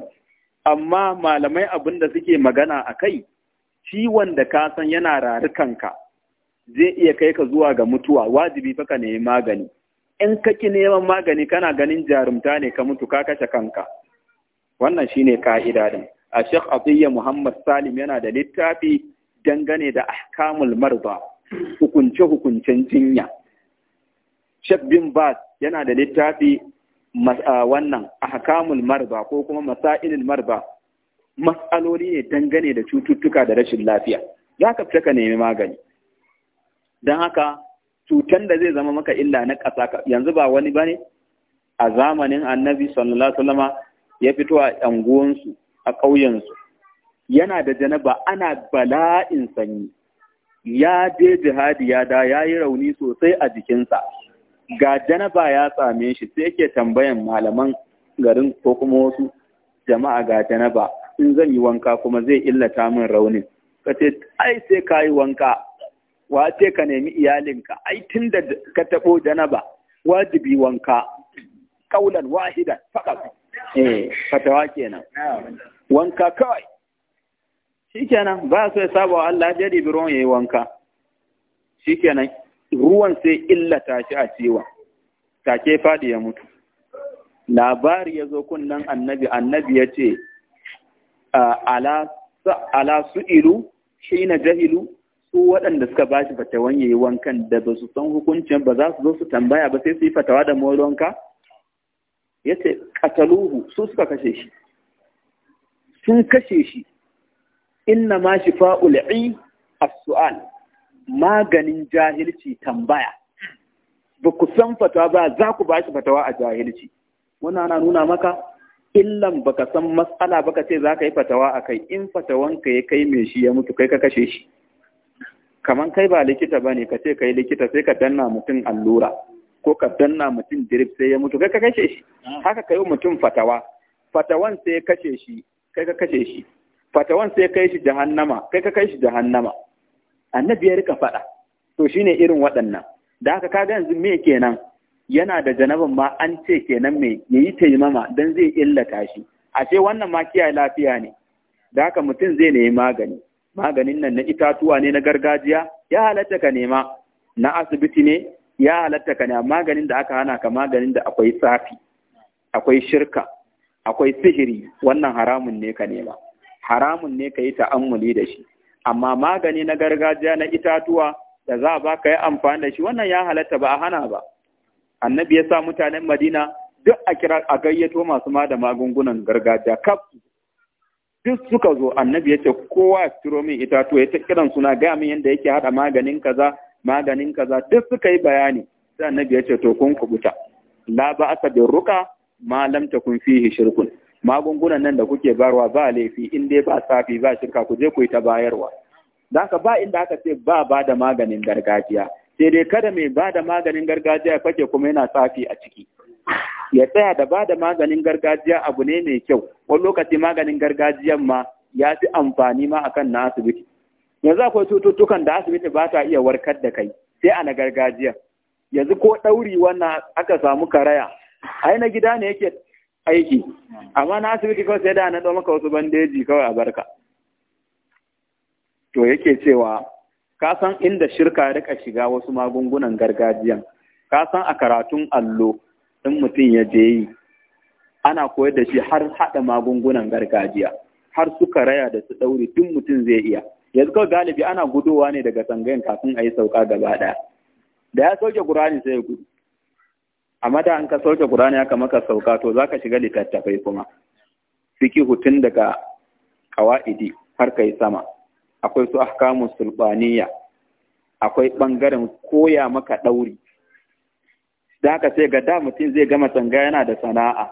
amma malamai abin da suke magana a kai ciwon da ka san yana rarukanka zai iya kai ka zuwa ga mutuwa wajibi fa ka nemi magani in ka ki neman magani kana ganin jarumta ne ka mutu ka kashe kanka wannan shine ka'ida din a Sheikh Abiyya Muhammad Salim yana da littafi dangane da ahkamul marba hukunce hukuncen jinya Sheikh bin Bas yana da littafi Ah, wannan ahkamul marba ko kuma masailul marba matsaloli ne dangane da cututtuka da rashin lafiya za ka fita ka nemi magani don haka cutan da zai zama maka illa na ƙasa yanzu ba wani ba ne? a zamanin annabi sallallahu ya fito a anguwansu a ƙauyensu yana da janaba ana bala'in sanyi ya je jihadi ya da ya yi rauni sosai a jikinsa ga janaba ya same shi sai yake tambayan malaman garin ko kuma wasu jama'a ga janaba in zan yi wanka kuma zai illata min raunin ka ce ai sai ka yi wanka Wa ce ka nemi iyalinka ai tun da ka taɓo janaba wajibi wanka kaulan wahidan fakat eh fatawa kenan wanka kawai shikenan ba so ya saba wa Allah jadi biron yayi wanka shikenan ruwan sai illata shi a cewa take faɗi ya mutu labari ya zo kunnan annabi annabi ya ce ala su Ilu shi na jahilu su waɗanda suka ba shi fatawan yayi wankan da ba su san hukuncin ba za su zo su tambaya ba sai su yi fatawa da moronka ya ce kataluhu su suka kashe shi sun kashe shi inna ma shi fa’ul’i as-su'al maganin jahilci tambaya ba ku san fatawa ba za ku ba shi fatawa a jahilci Muna na nuna maka illan baka san matsala baka ce za ka yi fatawa a kai in fatawanka ya kai mai shi ya mutu kai ka kashe shi kaman kai ba likita ba ne ka ce ka yi likita sai ka danna mutum allura ko ka danna mutum dirif sai ya mutu kai ka kashe shi haka ka yi mutum fatawa fatawan sai ya kashe shi kai ka kashe shi fatawan sai ya kai shi jahannama kai ka kai shi jahannama annabi ya rika faɗa to shine irin waɗannan da haka kaga yanzu me kenan yana da janaban ma an ce kenan me yayi taimama dan zai illata shi ashe wannan ma kiyaye lafiya ne da haka mutum zai nemi magani maganin nan na itatuwa ne na gargajiya ya halatta ka nema na asibiti ne ya halatta ka nema maganin da aka hana ka maganin da akwai tsafi akwai shirka akwai sihiri wannan haramun ne ka nema haramun ne ka yi ta'ammuli da shi amma magani na gargajiya na itatuwa da za a ka yi amfani da shi wannan ya halatta ba a hana ba annabi ya sa mutanen madina duk a kira a gayyato masu ma da magungunan gargajiya kaf duk suka zo annabi ya ce kowa ya turo min itatuwa ya ta kiran suna gaya min yadda yake haɗa maganin kaza maganin kaza duk suka yi bayani sai annabi ya ce to kun kubuta la ba'asa bin ruka ma lam takun fihi shirkun magungunan nan da kuke barwa ba laifi in dai ba safi ba shirka ku je ku yi ta bayarwa da ka ba inda aka ce ba ba da maganin gargajiya sai dai kada mai ba da maganin gargajiya kake fake kuma yana safi a ciki ya tsaya da ba da maganin gargajiya abu ne mai kyau wani lokaci maganin gargajiyan ma ya fi amfani ma akan na asibiti yanzu akwai cututtukan da asibiti ba ta iya warkar da kai sai a na gargajiya yanzu ko ɗauri wannan aka samu karaya ai na gida ne yake aiki amma na asibiti kawai sai da na ɗau maka wasu bandeji kawai a barka to yake cewa ka san inda shirka ya rika shiga wasu magungunan gargajiyan ka san a karatun allo in mutum ya je yi ana koyar da shi har haɗa magungunan gargajiya har suka raya da su ɗauri tun mutum zai iya yanzu kawai galibi ana gudowa ne daga sangayin kafin a yi sauka gaba ɗaya da ya sauke ƙur'ani sai ya gudu amma da an ka sauke Qur'ani aka maka sauka to zaka shiga littattafai kuma Siki hutun daga qawaidi har kai sama akwai su ahkamus sulbaniya akwai bangaren koya maka ɗauri. da sai ga da mutum zai gama tsangaya yana da sana'a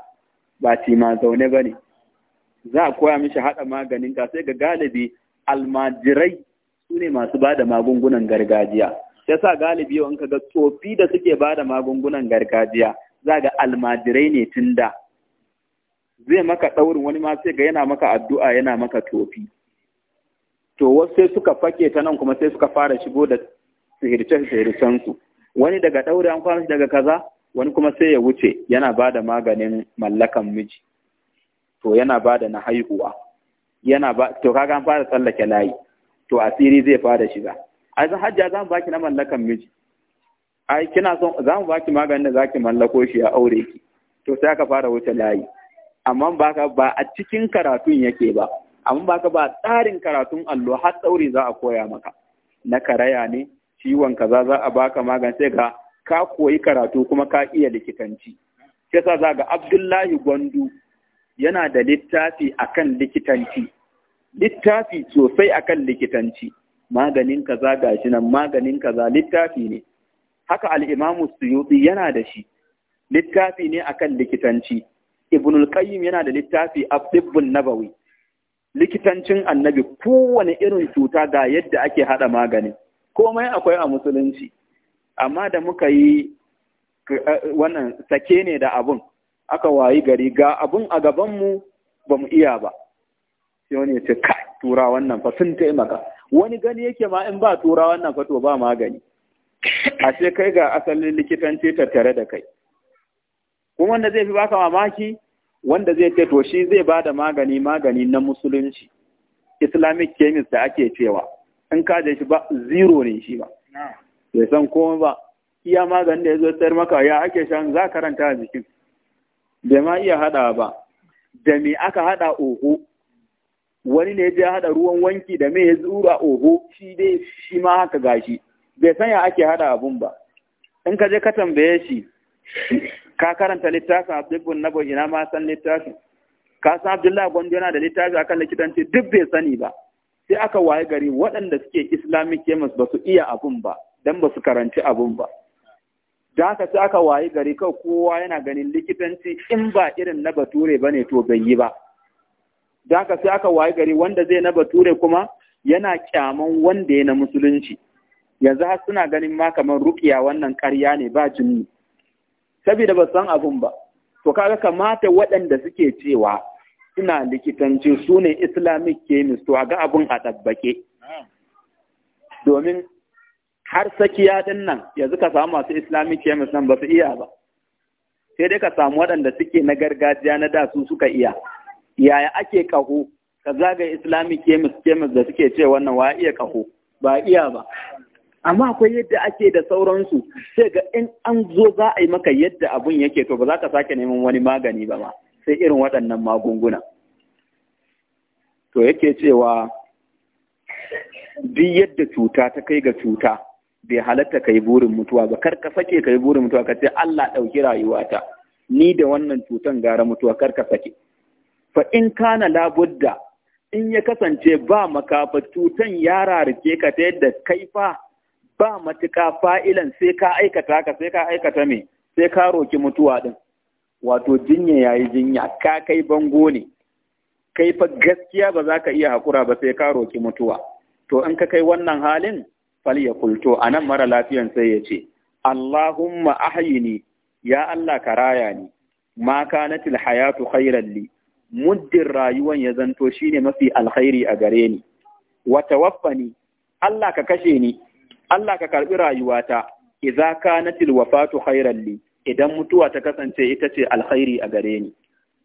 ba ci ma zaune bane za a koya mishi haɗa maganin ka sai ga galibi almajirai su ne masu ba da magungunan gargajiya ya sa galibi yawan ka ga tsofi da suke ba da magungunan gargajiya za ga almajirai ne tun da zai maka ɗaurin wani ma sai ga yana maka addu'a yana maka tofi to wasu sai suka fake ta nan kuma sai suka fara shigo da sihirce-sihircensu wani daga ɗaure an kwana daga kaza wani kuma sai ya wuce yana ba da maganin mallakan miji to yana ba da na haihuwa yana ba to kaga an fara tsallake layi to asiri zai fara shiga ai za hajja za mu baki na mallakan miji ai kina son za mu baki maganin da zaki mallako shi a aure ki to sai aka fara wuce layi amma ba ka ba a cikin karatun yake ba amma ba ka ba tsarin karatun allo har tsauri za a koya maka na karaya ne ciwon kaza za a baka magani sai ga ka koyi karatu kuma ka iya likitanci sai sa za ga Abdullahi Gwandu yana da littafi akan likitanci littafi sosai akan likitanci maganin kaza gashi nan maganin kaza littafi ne haka al imamu Suyuti yana da shi littafi ne akan likitanci Ibn al-Qayyim yana da littafi Abdibbun Nabawi likitancin annabi kowane irin cuta ga yadda ake hada magani. komai akwai a musulunci amma da muka yi eh, wannan sake ne da abun aka wayi gari ga abun a gabanmu ba mu iya ba sai wani ya ce kai tura wannan fa sun taimaka wani gani yake ma in ba tura wannan fato ba magani ashe kai ga asalin likitanci tare da kai kuma wanda zai fi baka mamaki wanda zai ce to shi zai ba da magani magani na musulunci islamic chemist da ake cewa in ka je shi ba zero ne shi ba bai san komai ba iya maganin da ya zo tsayar maka ya ake shan za karanta a jikin bai ma iya hada ba da me aka haɗa oho wani ne ya haɗa ruwan wanki da mai ya zura oho shi dai shi ma haka gashi bai sanya ake hada abun ba in ka je ka tambaye shi ka karanta littafin abdullahi na ina ma san littafin ka san abdullahi gwandu yana da littafi akan likitanci duk bai sani ba sai aka waye gari waɗanda suke islamic chemist ba su iya abun ba don ba su karanci abun ba da haka sai aka waye gari kawai kowa yana ganin likitanci in ba irin na bature ba ne to bai yi ba da haka sai aka waye gari wanda zai na bature kuma yana kyaman wanda ya na musulunci yanzu har suna ganin ma kamar rukiya wannan karya ne ba jinni saboda ba san abun ba to kaga kamata waɗanda suke cewa suna likitanci su ne islamic chemist to a ga abun a ɗabbake domin har sakiya din nan yanzu ka samu masu islamic chemist nan ba su iya ba sai dai ka samu waɗanda suke na gargajiya na da su suka iya yaya ake kaho ka zaga islamic chemist chemist da suke ce wannan wa iya kaho ba iya ba amma akwai yadda ake da sauransu sai ga in an zo za a yi maka yadda abun yake to ba za ka sake neman wani magani ba ma sai irin waɗannan magunguna to yake cewa duk yadda cuta ta kai ga cuta bai halatta kai burin mutuwa ba kar ka sake kai burin mutuwa ka ce Allah ɗauki rayuwata ni da wannan cutan gara mutuwa kar ka sake fa in kana labudda in ya kasance ba makafa cutan ya rarike ka ta yadda kai fa ba matuka fa'ilan sai ka aikata ka sai ka aikata me sai ka roki mutuwa din wato jinya yayi jinya ka kai bango ne kai fa gaskiya ba za ka iya hakura ba sai ka roki mutuwa to in ka kai wannan halin fal ya kulto anan mara lafiyan sai ya ce Allahumma ahyini ya Allah ka raya ni ma kanatil hayatu khairan muddin rayuwan ya zanto shi ne mafi alkhairi a gare ni Wata waffa ni. Allah ka kashe ni Allah ka karɓi rayuwata Iza ka na tilwa fatu li idan mutuwa ta kasance ita ce alkhairi a gare ni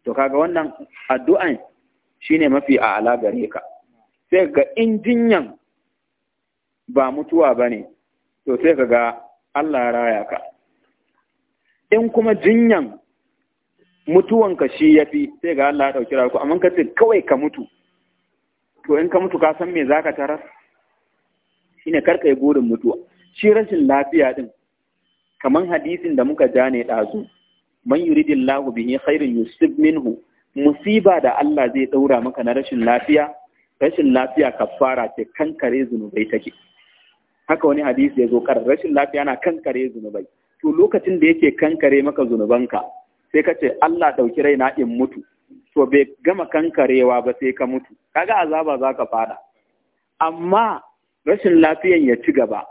to kaga wannan addu'an shi ne mafi a'ala gare ka sai ga injinyan ba mutuwa bane to sai ga Allah raya ka in kuma jinyan mutuwanka shi ya fi sai ga Allah ya ɗauki rayuwa amma ka ce kawai ka mutu to in ka mutu ka san me za ka tarar shi ne karka yi burin mutuwa shi rashin lafiya din. kamar hadisin da muka ja ne ɗazu man yuridillahu bihi khairin yusib minhu musiba da Allah zai ɗaura maka na rashin lafiya rashin lafiya kafara ce kankare zunubai take haka wani hadisi ya zo rashin lafiya na kankare zunubai to lokacin da yake kankare maka zunubanka sai ka ce Allah ɗauki raina in mutu to bai gama kankarewa ba sai ka mutu kaga azaba za ka fada amma rashin lafiyan ya ci gaba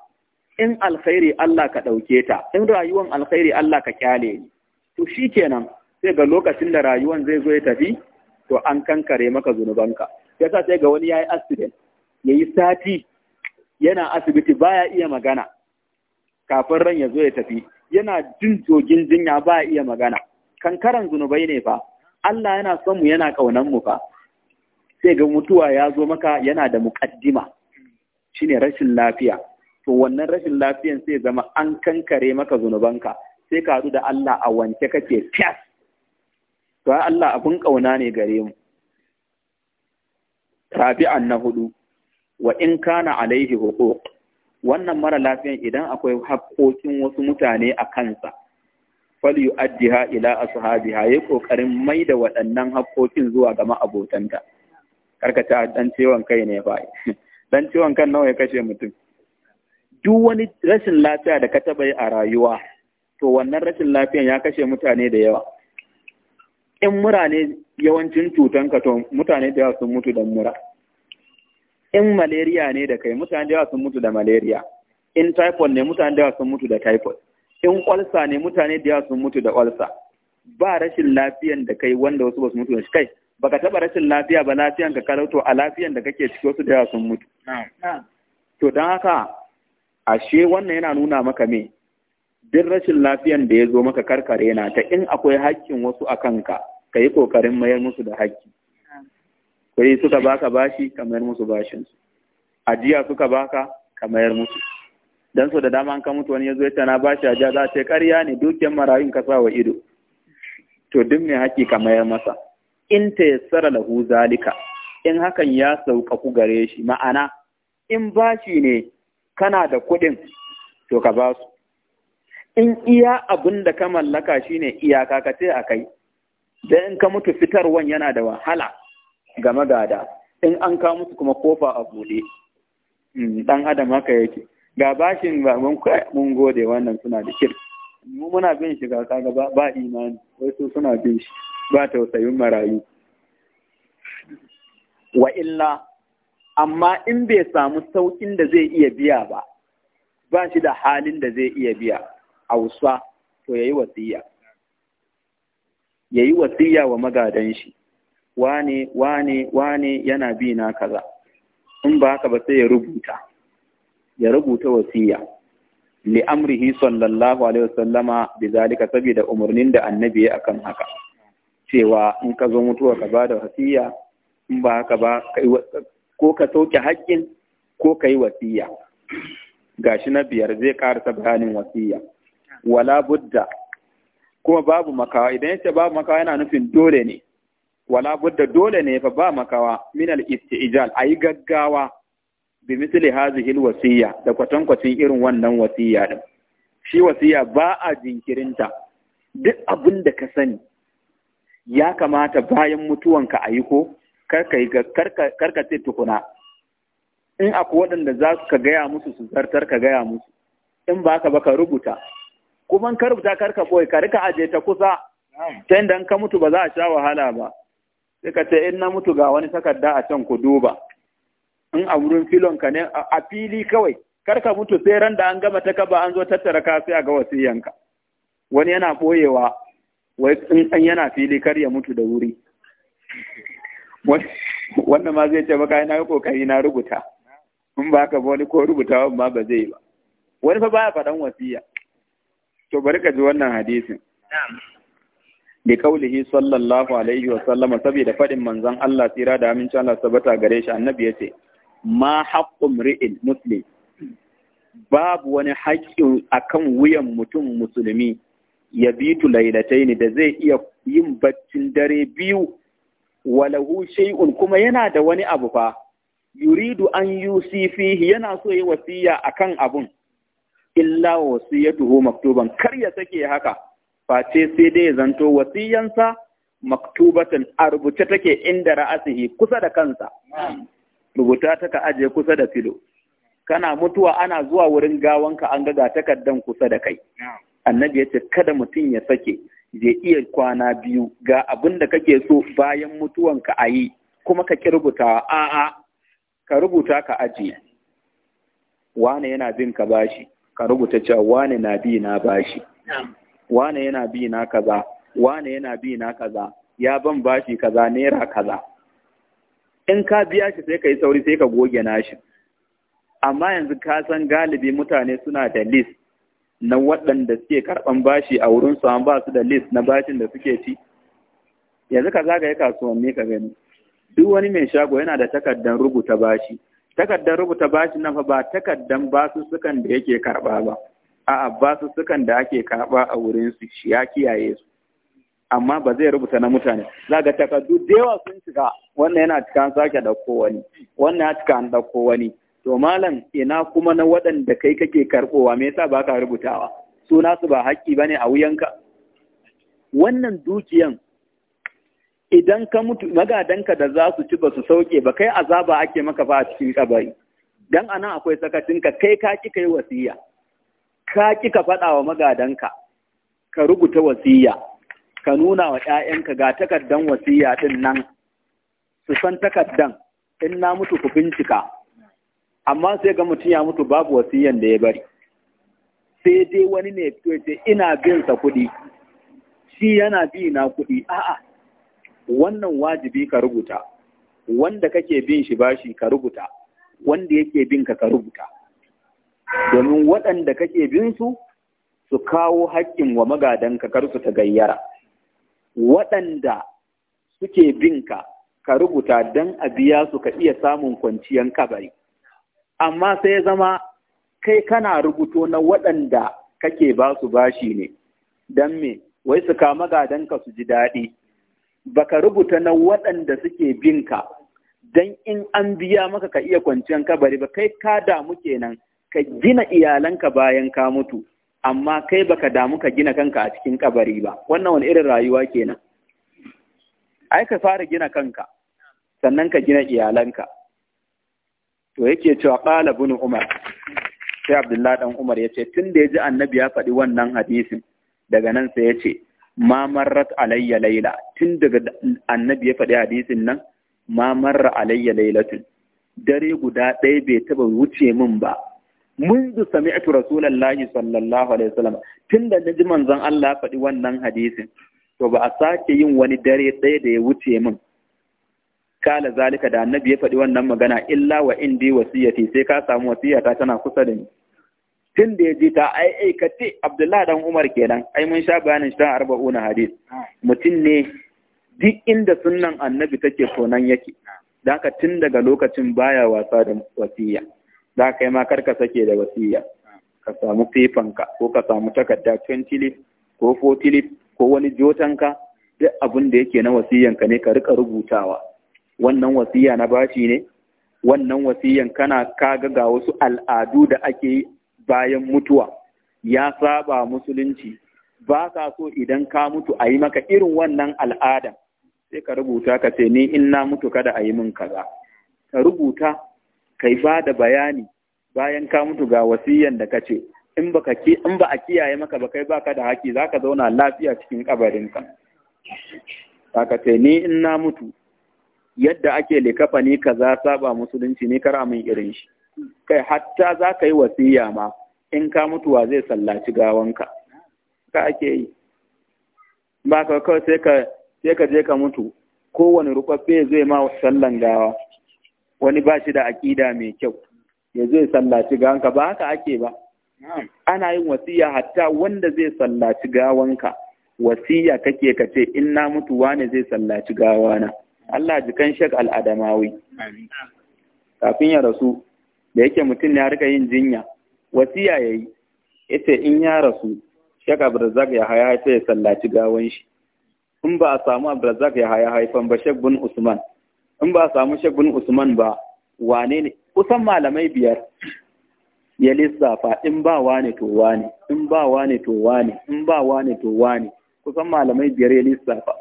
in alkhairi Allah ka ɗauke ta in rayuwan alkhairi Allah ka kyale ni to shi kenan, sai ga lokacin da rayuwan zai zo ya tafi to an kankare maka zunubanka yasa sai ga wani ya asibiti, accident yi sati yana asibiti baya iya magana kafin ran ya zo ya tafi yana jin jogin jinya ba iya magana kankaran zunubai ne fa Allah yana son mu yana ƙaunan mu fa sai ga mutuwa ya zo maka yana da muƙaddima Shi ne rashin lafiya to wannan rashin lafiyan sai zama an kankare maka zunubanka sai ka da Allah a wance kake fiyas to Allah abun ƙauna ne gare mu rabi'an na hudu wa in kana alaihi huquq wannan mara lafiyan idan akwai haƙoƙin wasu mutane a kansa fal ha, ila ashabiha yayi kokarin mai da waɗannan haƙoƙin zuwa ga ma'abotanta a dan ciwon kai ne fa dan ciwon kan nawa ya kashe mutum duk wani rashin lafiya da ka taba yi a rayuwa to wannan rashin lafiyan ya kashe mutane da yawa in mura ne yawancin cutanka to mutane da yawa sun mutu da mura in malaria ne da kai mutane da yawa sun mutu da malaria in typhoid ne mutane da yawa sun mutu da typhoid in ƙwalsa ne mutane da yawa sun mutu da ƙwalsa ba rashin lafiyan da kai wanda wasu ba su mutu da shi kai baka taba rashin lafiya ba lafiyan ka karauto a lafiyan da kake ciki wasu da yawa sun mutu to don haka ashe wannan yana nuna maka me duk rashin lafiyan da ya zo maka karkare na ta in akwai hakkin wasu a kanka ka yi ƙoƙarin mayar musu da hakki kuɗi suka baka bashi ka mayar musu bashinsu ajiya suka baka ka mayar musu dan so da dama an ka mutu wani ya zo ya na ba shi ajiya za ce ƙarya ne dukiyar marayun ka wa ido to duk ne ka mayar masa in ta yassara lahu zalika in hakan ya sauka gare shi ma'ana in bashi ne kana da kuɗin to ka ba su in iya abin da ka mallaka shine iyaka ka ce a kai da in ka mutu fitarwan yana da wahala ga magada in an ka mutu kuma kofa a buɗe hmm, ɗan adam haka yake ga bashin ba mun mun gode wannan suna da kirki mu muna bin shi ga kaga ba imani wai su suna bin shi ba tausayin marayu wa illa amma in bai samu saukin da zai iya biya ba ba shi da halin da zai iya biya a wusa to yayi wasiya yayi wasiya wa magadan shi wane wane wane yana bi na kaza in ba haka ba sai ya rubuta ya rubuta wasiya li amrihi sallallahu alaihi wasallama bi zalika saboda umarnin da annabi ya akan haka cewa in ka zo mutuwa ka bada wasiya in ba haka ba ko ka sauke haƙƙin ko ka yi wasiya gashi na biyar zai karasa bayanin wasiya wala budda kuma babu makawa idan yace babu makawa yana nufin dole ne wala budda dole ne fa ba makawa min al ijtijal ayi gaggawa bi misli hadhihi alwasiya da kwatankwacin irin wannan wasiya din shi wasiya ba a jinkirinta duk abin da ka sani ya kamata bayan mutuwanka a yi ko karka ce tukuna in akwai waɗanda za su ka gaya musu su zartar ka gaya musu in ba ka ba ka rubuta kuma ka rubuta karka boye ka rika aje ta kusa ta yadda ka mutu ba za a sha wahala ba sai ka ce in na mutu ga wani takarda a can ku duba in a wurin filonka ne a fili kawai kar ka mutu sai ran da an gama ta kaba an zo tattara ka sai a ga wasiyanka wani yana boyewa wai in an yana fili kar ya mutu da wuri wannan ma zai ce maka na yi kokari na rubuta in ba ka wani ko rubuta ba ba zai ba wani fa baya faɗan wasiya to bari ka ji wannan hadisin bi kaulihi sallallahu alaihi wa sallama saboda faɗin manzon Allah tsira da amincin Allah sabata gare shi annabi yace ma haƙƙun ri'in muslim babu wani haƙƙin akan wuyan mutum musulmi ya bitu ne da zai iya yin baccin dare biyu walahu shay'un kuma yana da wani abu fa yuridu an yusi fihi yana so yi wasiya akan abun illa wasiyatuhu maktuban kar ya sake haka face sai dai zanto wasiyansa maktubatan a rubuce take inda ra'asihi kusa da kansa rubuta ta ka aje kusa da filo kana mutuwa ana zuwa wurin gawanka an ga takardan kusa da kai annabi ya ce kada mutum ya sake je iya kwana biyu ga abin da kake so bayan mutuwanka a yi kuma ka ki rubutawa a'a ka rubuta ka ajiye wane yana bin ka bashi ka rubuta cewa wane na bi na bashi wane yana bi na kaza wane yana bi na kaza ya ban bashi kaza naira kaza in ka biya shi sai ka yi sauri sai ka goge nashi amma yanzu ka san galibi mutane suna da list na waɗanda suke karɓan bashi a wurin su an ba su da list na bashin da suke ci yanzu ka zagaye kasuwanni ka gani duk wani mai shago yana da takardar rubuta bashi takardar rubuta bashi na fa ba takardar basussukan da yake karɓa ba a'a basussukan da ake karɓa a wurin su shi ya kiyaye su amma ba zai rubuta na mutane za ga takardu da yawa sun cika wannan yana cika an sake da wani wannan ya cika an ɗauko wani to malam ina kuma na waɗanda kai kake karɓowa me yasa ba ka rubutawa suna su ba haƙƙi bane a wuyanka wannan dukiyan idan ka mutu magadanka da za su ci ba su sauke ba kai azaba ake maka fa a cikin kabari dan anan akwai sakatinka kai ka ki kai wasiya ka ki ka faɗa wa magadanka ka rubuta wasiya ka nuna wa ‘ya'yanka ga takardan wasiya ɗin nan su san takardan in na mutu ku bincika amma sai ga mutum ya mutu babu wasiyan da ya bari sai dai wani ne fito ce ina bin sa kuɗi shi yana bi na kuɗi a'a wannan wajibi ka rubuta wanda kake bin shi bashi ka rubuta wanda yake bin ka ka rubuta domin waɗanda kake bin su su kawo haƙƙin wa magadanka kar su ta gayyara waɗanda suke bin ka ka rubuta don a biya su ka iya samun kwanciyan kabari amma sai ya zama kai kana rubuto na waɗanda kake ba su bashi ne don me wai su kama ka su ji daɗi baka rubuta na waɗanda suke binka don in an biya maka ka iya kwanciyan kabari ba kai ka damu kenan ka gina iyalanka bayan ka mutu amma kai baka damu ka gina kanka a cikin kabari ba wannan wani irin rayuwa kenan ai ka fara gina kanka sannan ka gina iyalanka to yake cewa qala ibn umar sai abdullah dan umar yace tun da yaji annabi ya faɗi wannan hadisin daga nan sai yace ma marrat alayya layla tun daga annabi ya faɗi hadisin nan ma marra alayya laylatun dare guda ɗaya bai taba wuce min ba منذ سمعت رسول الله صلى الله عليه وسلم تند نجي منزon Allah faɗi wannan hadisin to ba a sake yin wani dare ɗaya da ya wuce min kala zalika da annabi ya faɗi wannan magana illa wa indi wasiyati sai ka samu wasiyata tana kusa da ni tun da ya ji ta ai aikace Abdullahi dan Umar kenan ai mun sha bayanin shi ta arba'una hadis mutum ne duk inda sunnan annabi take to nan yake dan ka tun daga lokacin baya wasa da wasiya da kai ma kar ka sake da wasiya ka samu fefanka ko ka samu takarda 20 ko 40 ko wani jotanka duk abin da yake na wasiyanka ne ka rika rubutawa wannan wasiya na bashi ne wannan wasiyan kana kaga ga wasu al'adu da ake bayan mutuwa ya saba musulunci ba ka so idan ka mutu a yi maka irin wannan al'adan sai ka rubuta ka ce ni in na mutu kada a yi min kaza ka rubuta kai ba da bayani bayan ka mutu ga wasiyan da kace in in ba a kiyaye maka ba kai ba ka da haki ka zauna lafiya cikin kabarinka ka ce ni in na mutu yadda ake likafa ni za saba musulunci ne kara min irin shi kai hatta za ka yi wasiya ma in ka mutuwa zai sallaci gawanka ka ake yi ba ka kawai sai ka je ka mutu kowane rukwafe zai ma sallan gawa wani ba shi da aƙida mai kyau ya zai sallaci gawanka ba haka ake ba ana yin wasiya hatta wanda zai sallaci gawanka wasiya kake ka ce in na mutuwa ne zai sallaci gawana Allah ji kan shek al'adamawi kafin ya rasu da yake mutum ya rika yin jinya wasiya ya yi ita in ya rasu shek abdulrazak ya haya ya sallaci gawan shi in ba a samu abdulrazak ya haya haifan ba shek bin usman in ba samu shagun usman ba wane ne kusan malamai biyar ya lissafa in ba wane to wane in ba wane to wane in ba wane to wane kusan malamai biyar ya lissafa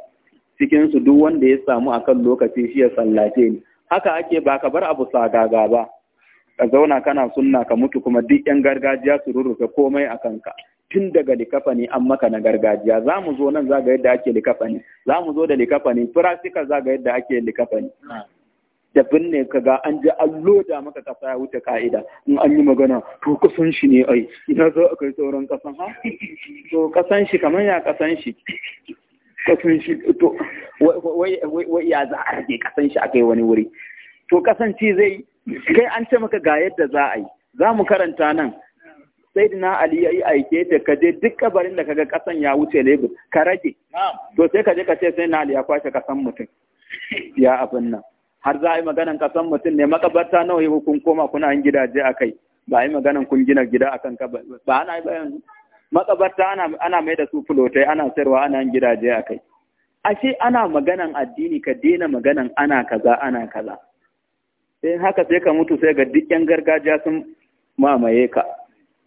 cikinsu duk wanda ya samu akan lokaci shi ya sallace ni haka ake ba ka bar abu sagaga ba ka zauna kana sunna ka mutu kuma duk yan gargajiya su rurrufe komai a kanka tun daga likafani an maka na gargajiya za mu zo nan za ga yadda ake likafani za mu zo da likafani firasika za ga yadda ake likafani da binne ka ga an ji an loda maka kasa ya wuce ka'ida in an yi magana to kasan shi ne ai ina za a kai sauran kasan ha to kasan shi kamar ya kasan shi kasan shi to wai ya za a rage kasan shi yi wani wuri to kasan zai kai an ce maka ga yadda za a yi za mu karanta nan sai dina Ali ya yi aike ta ka je duk kabarin da kaga kasan ya wuce lebur ka rage to sai ka je ka ce sai na Ali ya kwashe kasan mutum ya abin nan har za a yi maganan kasan mutum ne makabarta nawa yi kun koma kuna yin gidaje a kai ba a yi maganan kun gina gida akan kan ba ana yi bayan makabarta ana mai da su fulotai ana sayarwa ana yin gidaje a kai ashe ana maganan addini ka daina maganan ana kaza ana kaza sai haka sai ka mutu sai ga duk yan gargajiya sun mamaye ka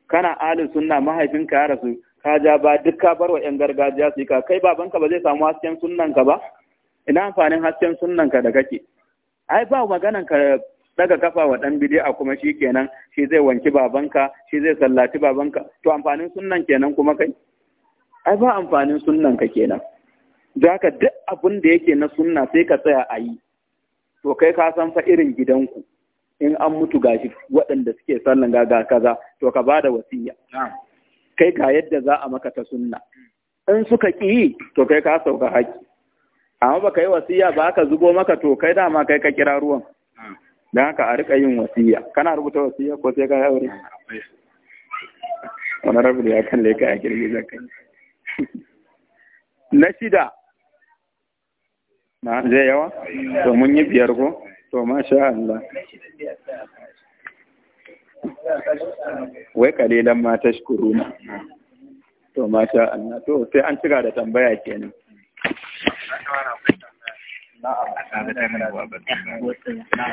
kana alin sunna mahaifinka ya rasu ka ja ba duk ka bar wa 'yan gargajiya su yi ka kai babanka ba zai samu hasken ka ba ina amfanin hasken ka da kake ai ba maganan ka daga kafa wa dan bidi'a kuma shi kenan shi zai wanki babanka shi zai sallaci babanka to amfanin sunnan kenan kuma kai ai ba amfanin ka kenan da ka duk abin da yake na sunna sai ka tsaya a yi to kai ka san fa irin gidanku in an mutu gashi waɗanda suke sallan ga kaza to ka ba da wasiya kai ka yadda za a maka ta sunna in suka ƙi to kai ka sauka haƙƙi amma ba ka yi wasiya ba aka zubo maka to kai dama kai ka kira ruwan don haka a riƙa yin wasiya kana rubuta wasiya ko sai ka yi aure wani rabu da ya kan leka ya girgizar kai na shida na zai yawa to mun yi biyar ko to sha Allah wai mata ma na to ma sha Allah to sai an cika da tambaya kenan na'am